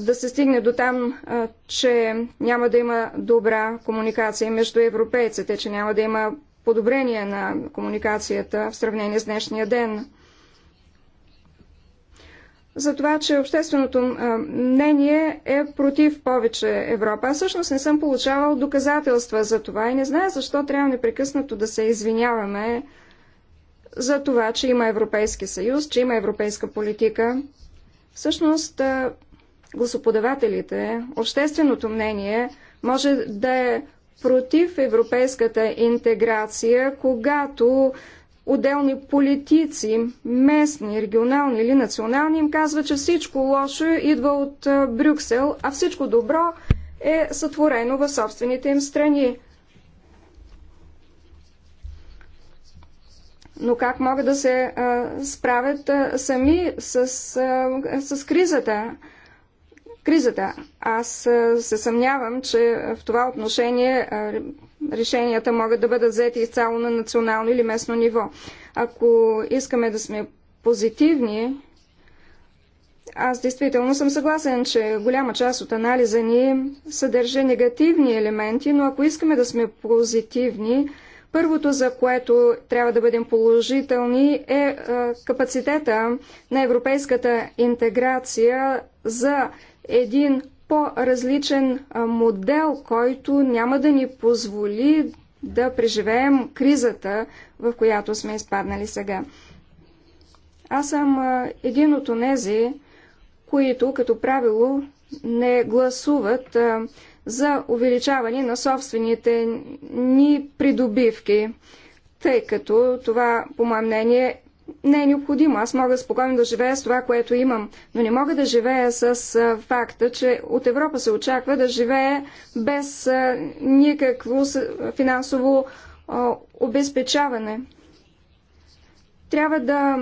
да се стигне до там, че няма да има добра комуникация между европейците, че няма да има подобрение на комуникацията в сравнение с днешния ден. За това, че общественото мнение е против повече Европа. Аз всъщност не съм получавал доказателства за това и не зная защо трябва непрекъснато да се извиняваме за това, че има Европейски съюз, че има европейска политика. Всъщност, гласоподавателите, общественото мнение може да е против европейската интеграция, когато отделни политици, местни, регионални или национални, им казва, че всичко лошо идва от Брюксел, а всичко добро е сътворено в собствените им страни. Но как могат да се а, справят а, сами с, а, с кризата? кризата. Аз се съмнявам, че в това отношение решенията могат да бъдат взети изцяло на национално или местно ниво. Ако искаме да сме позитивни, аз действително съм съгласен, че голяма част от анализа ни съдържа негативни елементи, но ако искаме да сме позитивни, първото, за което трябва да бъдем положителни, е капацитета на европейската интеграция за един по-различен модел, който няма да ни позволи да преживеем кризата, в която сме изпаднали сега. Аз съм един от онези, които като правило не гласуват за увеличаване на собствените ни придобивки, тъй като това, по мое мнение, не е необходимо. Аз мога спокойно да живея с това, което имам, но не мога да живея с факта, че от Европа се очаква да живее без никакво финансово обезпечаване. Трябва да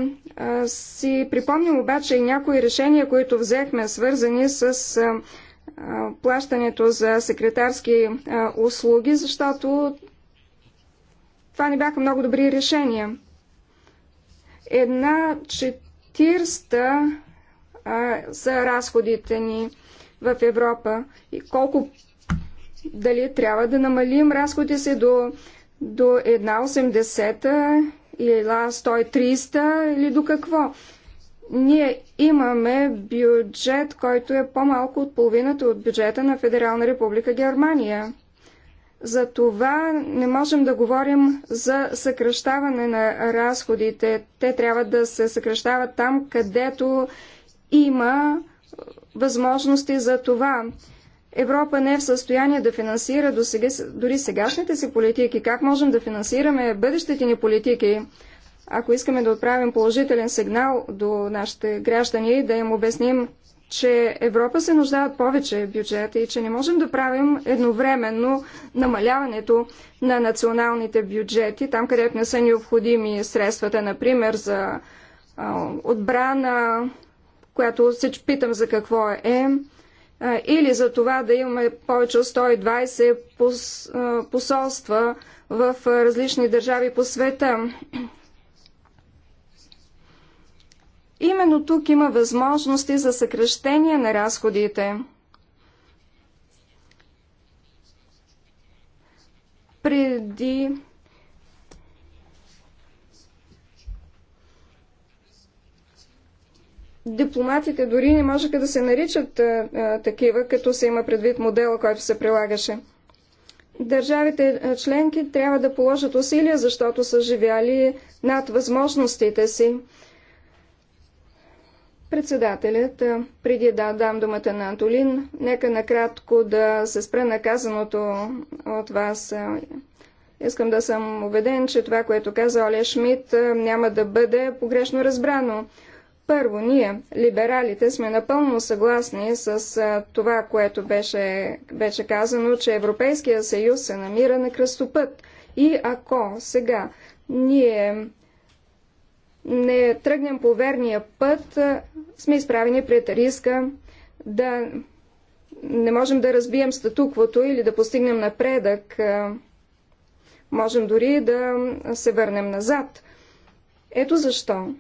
си припомним обаче и някои решения, които взехме, свързани с плащането за секретарски услуги, защото това не бяха много добри решения. Една четирста са разходите ни в Европа и колко дали трябва да намалим разходите си до, до една 80 или 130 или до какво. Ние имаме бюджет, който е по-малко от половината от бюджета на Федерална република Германия. За това не можем да говорим за съкръщаване на разходите. Те трябва да се съкръщават там, където има възможности за това. Европа не е в състояние да финансира сега, дори сегашните си политики. Как можем да финансираме бъдещите ни политики? Ако искаме да отправим положителен сигнал до нашите граждани, да им обясним че Европа се нуждае от повече бюджета и че не можем да правим едновременно намаляването на националните бюджети, там където не са необходими средствата, например за а, отбрана, която се питам за какво е, а, или за това да имаме повече от 120 посолства в различни държави по света. Именно тук има възможности за съкръщение на разходите. Преди дипломатите дори не можеха да се наричат а, а, такива, като се има предвид модела, който се прилагаше. Държавите членки трябва да положат усилия, защото са живяли над възможностите си. Председателят, преди да дам думата на Антолин, нека накратко да се спра на казаното от вас. Искам да съм убеден, че това, което каза Оля Шмидт, няма да бъде погрешно разбрано. Първо, ние, либералите, сме напълно съгласни с това, което беше, беше казано, че Европейския съюз се намира на кръстопът. И ако сега ние не тръгнем по верния път, сме изправени пред риска да не можем да разбием статуквото или да постигнем напредък. Можем дори да се върнем назад. Ето защо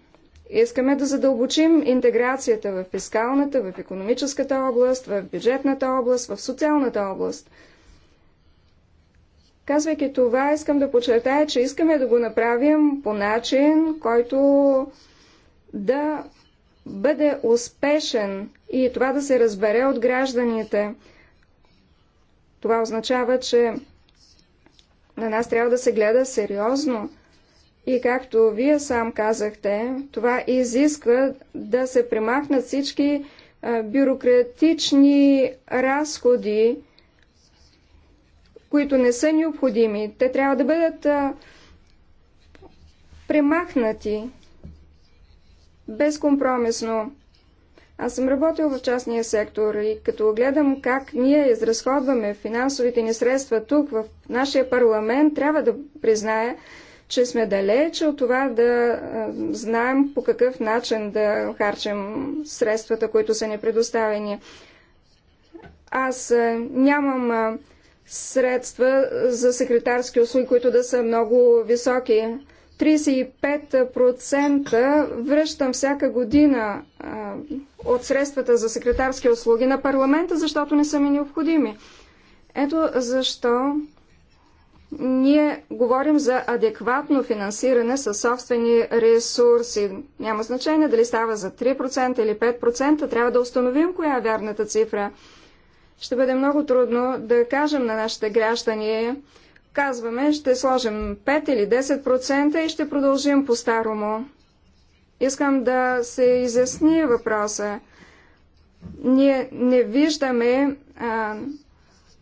искаме да задълбочим интеграцията в фискалната, в економическата област, в бюджетната област, в социалната област – Казвайки това, искам да подчертая, че искаме да го направим по начин, който да бъде успешен и това да се разбере от гражданите. Това означава, че на нас трябва да се гледа сериозно. И както вие сам казахте, това изисква да се примахнат всички бюрократични разходи, които не са необходими. Те трябва да бъдат а, премахнати безкомпромисно. Аз съм работил в частния сектор и като гледам как ние изразходваме финансовите ни средства тук, в нашия парламент, трябва да призная, че сме далече от това да знаем по какъв начин да харчим средствата, които са ни предоставени. Аз нямам средства за секретарски услуги, които да са много високи. 35% връщам всяка година а, от средствата за секретарски услуги на парламента, защото не са ми необходими. Ето защо ние говорим за адекватно финансиране със собствени ресурси. Няма значение дали става за 3% или 5%, трябва да установим коя е вярната цифра ще бъде много трудно да кажем на нашите граждани, казваме, ще сложим 5 или 10% и ще продължим по-старому. Искам да се изясни въпроса. Ние не виждаме а,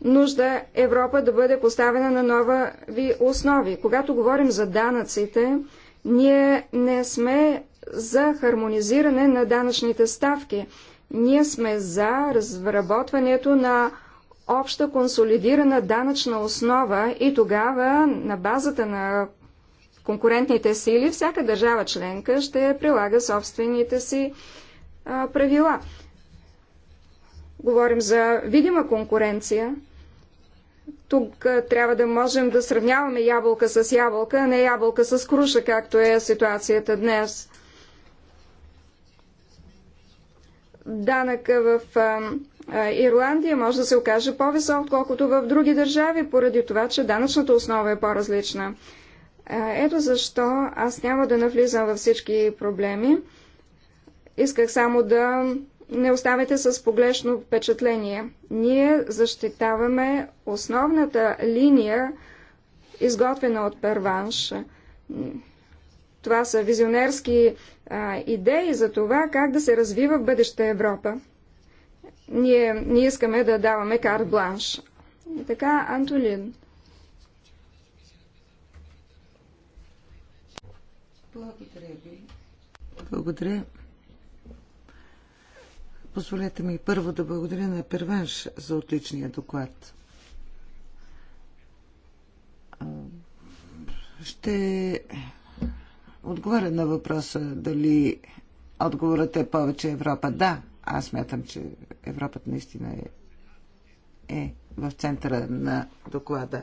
нужда Европа да бъде поставена на нова ви основи. Когато говорим за данъците, ние не сме за хармонизиране на данъчните ставки. Ние сме за разработването на обща консолидирана данъчна основа и тогава на базата на конкурентните сили всяка държава членка ще прилага собствените си а, правила. Говорим за видима конкуренция. Тук а, трябва да можем да сравняваме ябълка с ябълка, а не ябълка с круша, както е ситуацията днес. данъка в Ирландия може да се окаже по-висок, отколкото в други държави, поради това, че данъчната основа е по-различна. Ето защо аз няма да навлизам във всички проблеми. Исках само да не оставяте с поглешно впечатление. Ние защитаваме основната линия, изготвена от перванш. Това са визионерски а, идеи за това как да се развива в бъдеща Европа. Ние не искаме да даваме карт бланш. И така, Антолин. Благодаря ви. Благодаря. Позволете ми първо да благодаря на Первенш за отличния доклад. Ще отговаря на въпроса дали отговорът е повече Европа. Да, аз мятам, че Европа наистина е, е в центъра на доклада.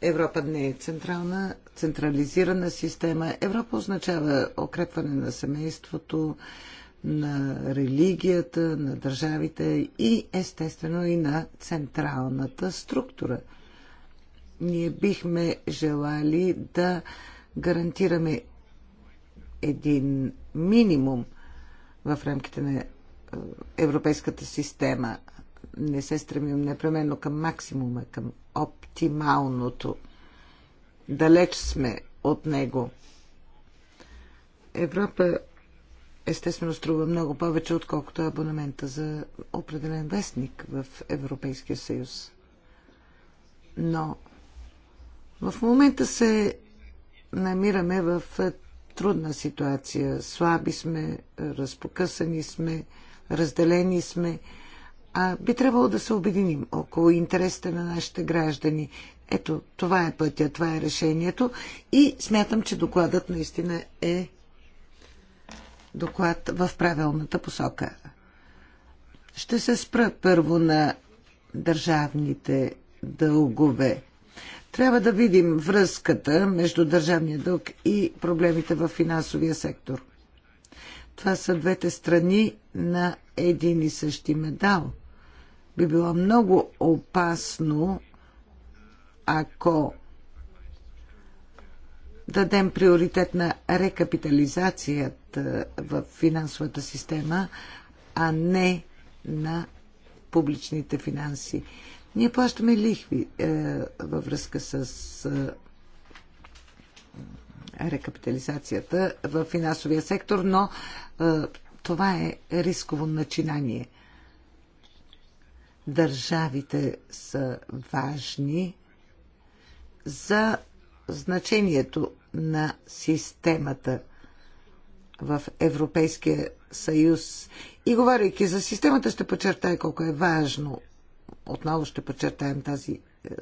Европа не е централна, централизирана система. Европа означава укрепване на семейството, на религията, на държавите и естествено и на централната структура. Ние бихме желали да гарантираме един минимум в рамките на е, европейската система. Не се стремим непременно към максимума, към оптималното. Далеч сме от него. Европа естествено струва много повече, отколкото абонамента за определен вестник в Европейския съюз. Но в момента се намираме в трудна ситуация. Слаби сме, разпокъсани сме, разделени сме. А би трябвало да се обединим около интересите на нашите граждани. Ето, това е пътя, това е решението. И смятам, че докладът наистина е доклад в правилната посока. Ще се спра първо на държавните дългове. Трябва да видим връзката между държавния дълг и проблемите в финансовия сектор. Това са двете страни на един и същи медал. Би било много опасно, ако дадем приоритет на рекапитализацията в финансовата система, а не на публичните финанси. Ние плащаме лихви е, във връзка с е, рекапитализацията в финансовия сектор, но е, това е рисково начинание. Държавите са важни за значението на системата в Европейския съюз. И говорейки за системата, ще подчертая колко е важно отново ще подчертаем тази, е,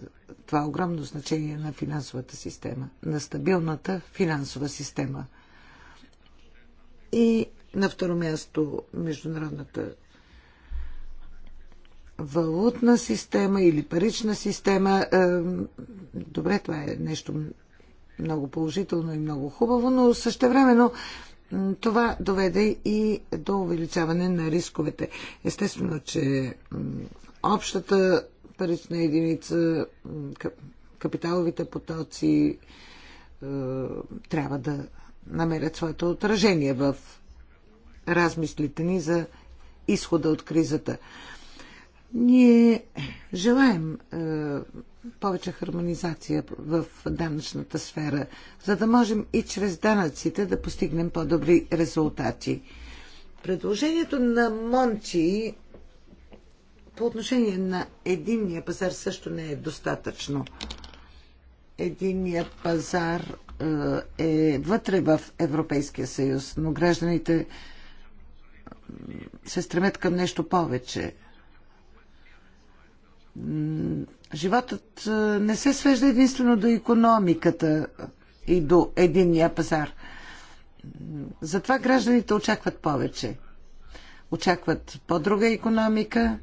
това огромно значение на финансовата система, на стабилната финансова система. И на второ място международната валутна система или парична система. Е, добре, това е нещо много положително и много хубаво, но същевременно това доведе и до увеличаване на рисковете. Естествено, че общата парична единица, капиталовите потоци е, трябва да намерят своето отражение в размислите ни за изхода от кризата. Ние желаем е, повече хармонизация в данъчната сфера, за да можем и чрез данъците да постигнем по-добри резултати. Предложението на Мончи по отношение на единния пазар също не е достатъчно. Единния пазар е, е вътре в Европейския съюз, но гражданите се стремят към нещо повече. Животът е, не се свежда единствено до економиката и до единния пазар. Затова гражданите очакват повече. Очакват по-друга економика,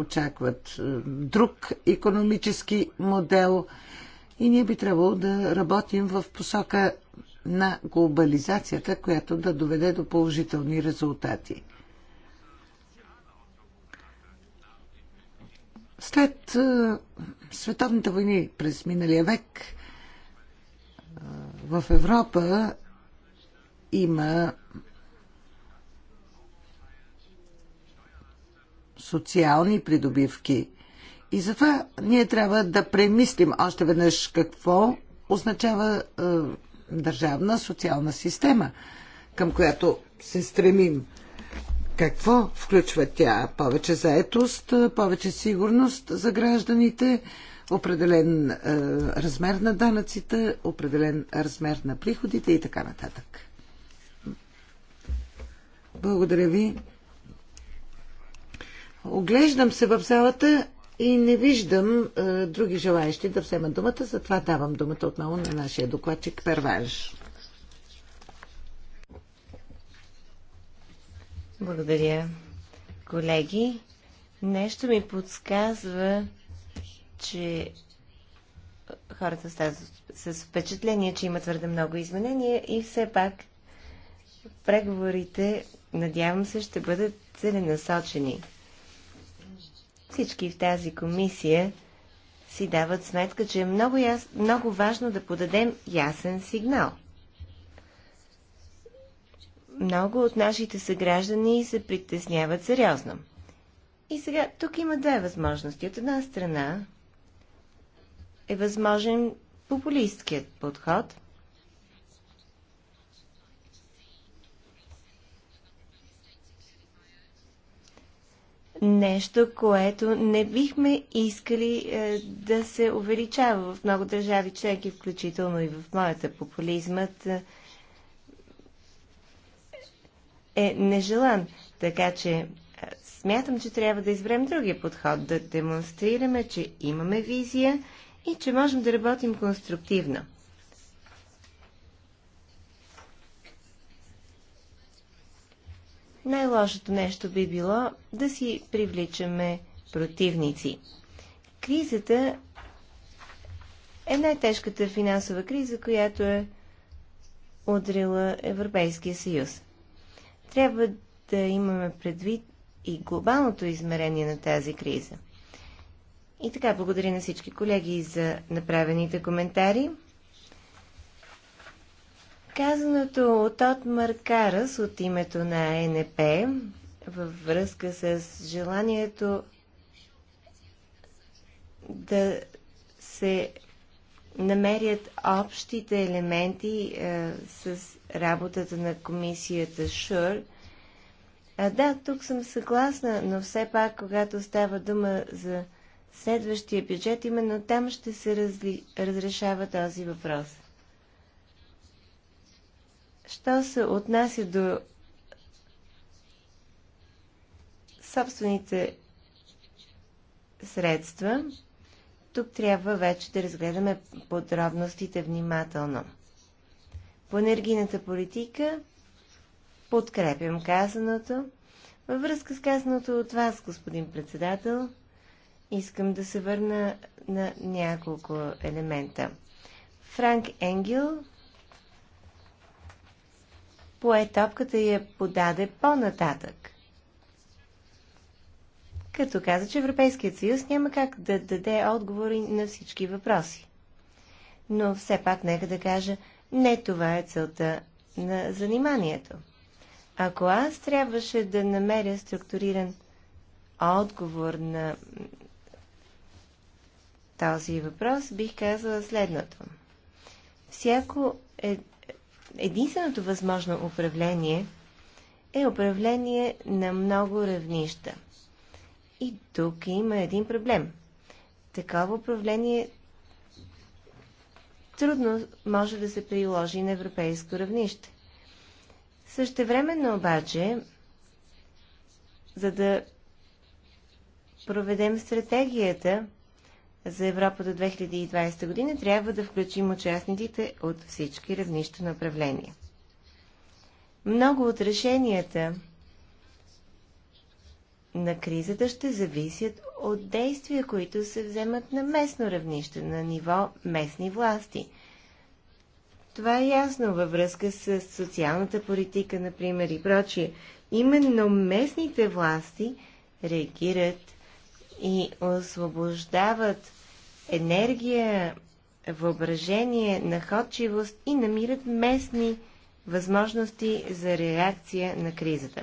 очакват е, друг економически модел и ние би трябвало да работим в посока на глобализацията, която да доведе до положителни резултати. След е, световните войни през миналия век е, в Европа има социални придобивки. И затова ние трябва да премислим още веднъж какво означава е, държавна социална система, към която се стремим. Какво включва тя? Повече заетост, повече сигурност за гражданите, определен е, размер на данъците, определен размер на приходите и така нататък. Благодаря ви. Оглеждам се в залата и не виждам е, други желаящи да вземат думата, затова давам думата отново на нашия докладчик Перваж. Благодаря, колеги. Нещо ми подсказва, че хората стават с впечатление, че има твърде много изменения и все пак преговорите, надявам се, ще бъдат целенасочени. Всички в тази комисия си дават сметка, че е много, яс... много важно да подадем ясен сигнал. Много от нашите съграждани се притесняват сериозно. И сега тук има две възможности. От една страна е възможен популисткият подход – нещо, което не бихме искали е, да се увеличава в много държави членки, включително и в моята популизмът е, е нежелан. Така че е, смятам, че трябва да изберем другия подход, да демонстрираме, че имаме визия и че можем да работим конструктивно. най-лошото нещо би било да си привличаме противници. Кризата е най-тежката финансова криза, която е удрила Европейския съюз. Трябва да имаме предвид и глобалното измерение на тази криза. И така, благодаря на всички колеги за направените коментари казаното от Отмар Карас от името на НП във връзка с желанието да се намерят общите елементи е, с работата на комисията ШУР. А, да, тук съм съгласна, но все пак, когато става дума за следващия бюджет, именно там ще се разли... разрешава този въпрос. Що се отнася до собствените средства, тук трябва вече да разгледаме подробностите внимателно. По енергийната политика подкрепям казаното. Във връзка с казаното от вас, господин председател, искам да се върна на няколко елемента. Франк Енгел пое топката и я подаде по-нататък. Като каза, че Европейският съюз няма как да даде отговори на всички въпроси. Но все пак нека да кажа, не това е целта на заниманието. Ако аз трябваше да намеря структуриран отговор на този въпрос, бих казала следното. Всяко е единственото възможно управление е управление на много равнища. И тук има един проблем. Такова управление трудно може да се приложи на европейско равнище. Същевременно обаче, за да проведем стратегията, за Европа до 2020 година, трябва да включим участниците от всички равнища направления. Много от решенията на кризата ще зависят от действия, които се вземат на местно равнище, на ниво местни власти. Това е ясно във връзка с социалната политика, например, и прочие. Именно местните власти реагират и освобождават енергия, въображение, находчивост и намират местни възможности за реакция на кризата.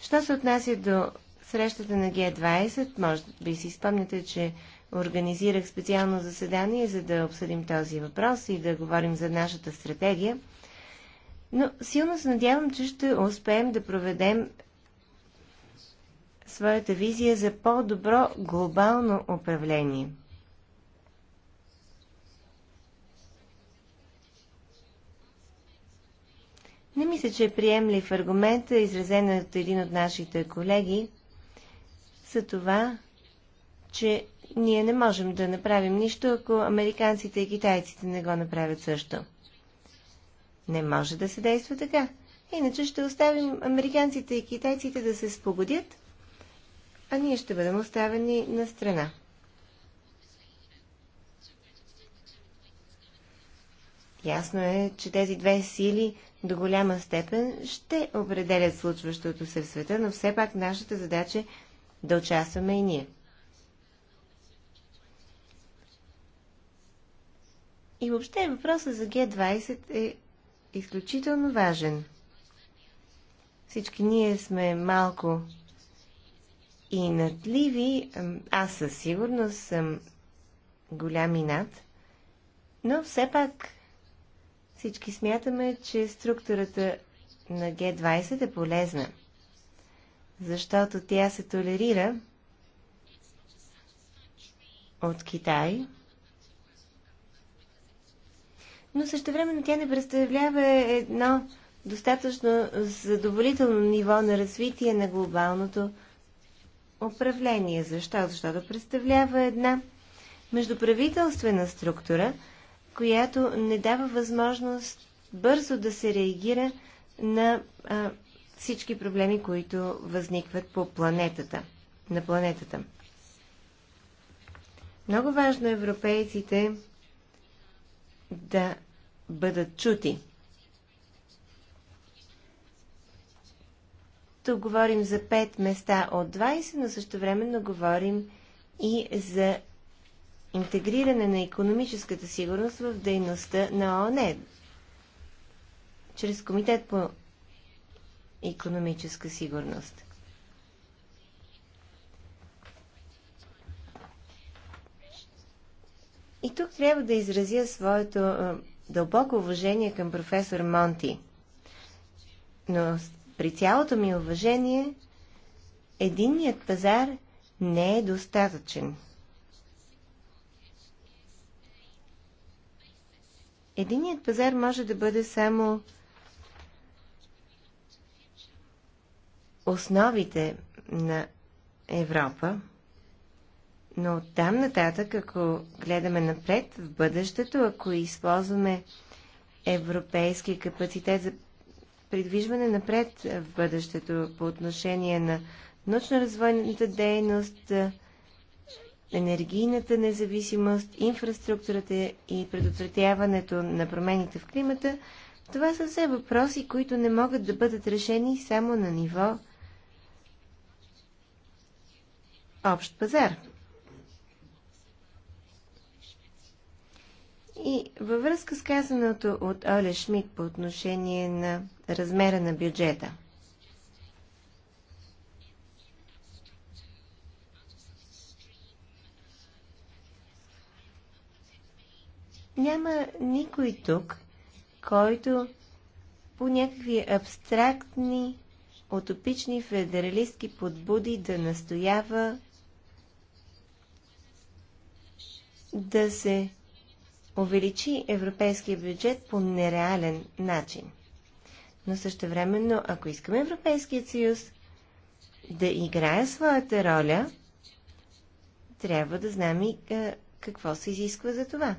Що се отнася до срещата на Г20, може би си спомняте, че организирах специално заседание, за да обсъдим този въпрос и да говорим за нашата стратегия. Но силно се надявам, че ще успеем да проведем своята визия за по-добро глобално управление. Не мисля, че е приемлив аргумента, изразен от един от нашите колеги, за това, че ние не можем да направим нищо, ако американците и китайците не го направят също. Не може да се действа така. Иначе ще оставим американците и китайците да се спогодят а ние ще бъдем оставени на страна. Ясно е, че тези две сили до голяма степен ще определят случващото се в света, но все пак нашата задача е да участваме и ние. И въобще въпросът за Г-20 е изключително важен. Всички ние сме малко и натливи аз със сигурност съм голям над, но все пак всички смятаме, че структурата на Г20 е полезна, защото тя се толерира от Китай, но също време тя не представлява едно достатъчно задоволително ниво на развитие на глобалното управление. Защо? Защото представлява една междуправителствена структура, която не дава възможност бързо да се реагира на а, всички проблеми, които възникват по планетата, на планетата. Много важно е европейците да бъдат чути. Тук говорим за 5 места от 20, но също времено говорим и за интегриране на економическата сигурност в дейността на ООН. Чрез Комитет по економическа сигурност. И тук трябва да изразя своето дълбоко уважение към професор Монти. Но при цялото ми уважение, единният пазар не е достатъчен. Единият пазар може да бъде само основите на Европа, но от там нататък, ако гледаме напред в бъдещето, ако използваме европейски капацитет за придвижване напред в бъдещето по отношение на научно-развойната дейност, енергийната независимост, инфраструктурата и предотвратяването на промените в климата, това са все въпроси, които не могат да бъдат решени само на ниво общ пазар. И във връзка с казаното от Оля Шмидт по отношение на размера на бюджета. Няма никой тук, който по някакви абстрактни, утопични федералистки подбуди да настоява да се увеличи европейския бюджет по нереален начин. Но същевременно, ако искаме Европейският съюз да играе своята роля, трябва да знаем и какво се изисква за това.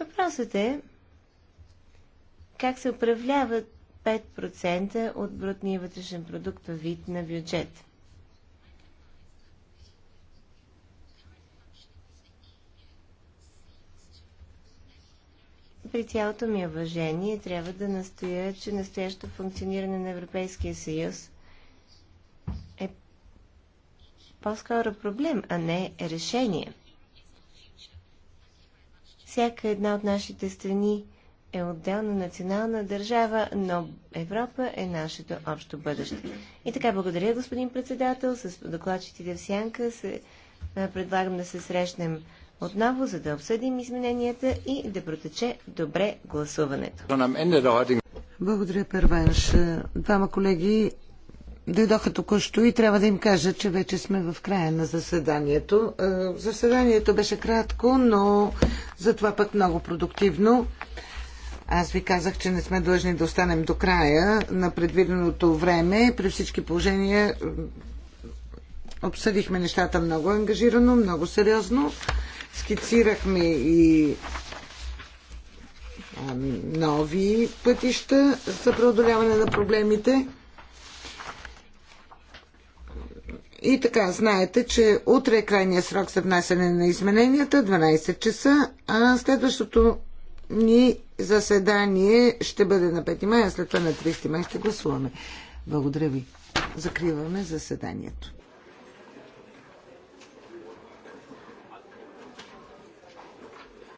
Въпросът е как се управляват 5% от брутния вътрешен продукт в вид на бюджет. При цялото ми уважение трябва да настоя, че настоящото функциониране на Европейския съюз е по-скоро проблем, а не решение. Всяка една от нашите страни е отделна национална държава, но Европа е нашето общо бъдеще. И така, благодаря, господин председател. С докладчите в Сянка се, предлагам да се срещнем отново, за да обсъдим измененията и да протече добре гласуването. Благодаря, първенш. Двама колеги дойдоха току-що и трябва да им кажа, че вече сме в края на заседанието. Заседанието беше кратко, но затова пък много продуктивно. Аз ви казах, че не сме длъжни да останем до края на предвиденото време. При всички положения обсъдихме нещата много ангажирано, много сериозно. Скицирахме и нови пътища за преодоляване на проблемите. И така, знаете, че утре е крайният срок за внасяне на измененията, 12 часа, а следващото ни заседание ще бъде на 5 мая, след това на 30 мая ще гласуваме. Благодаря ви. Закриваме заседанието.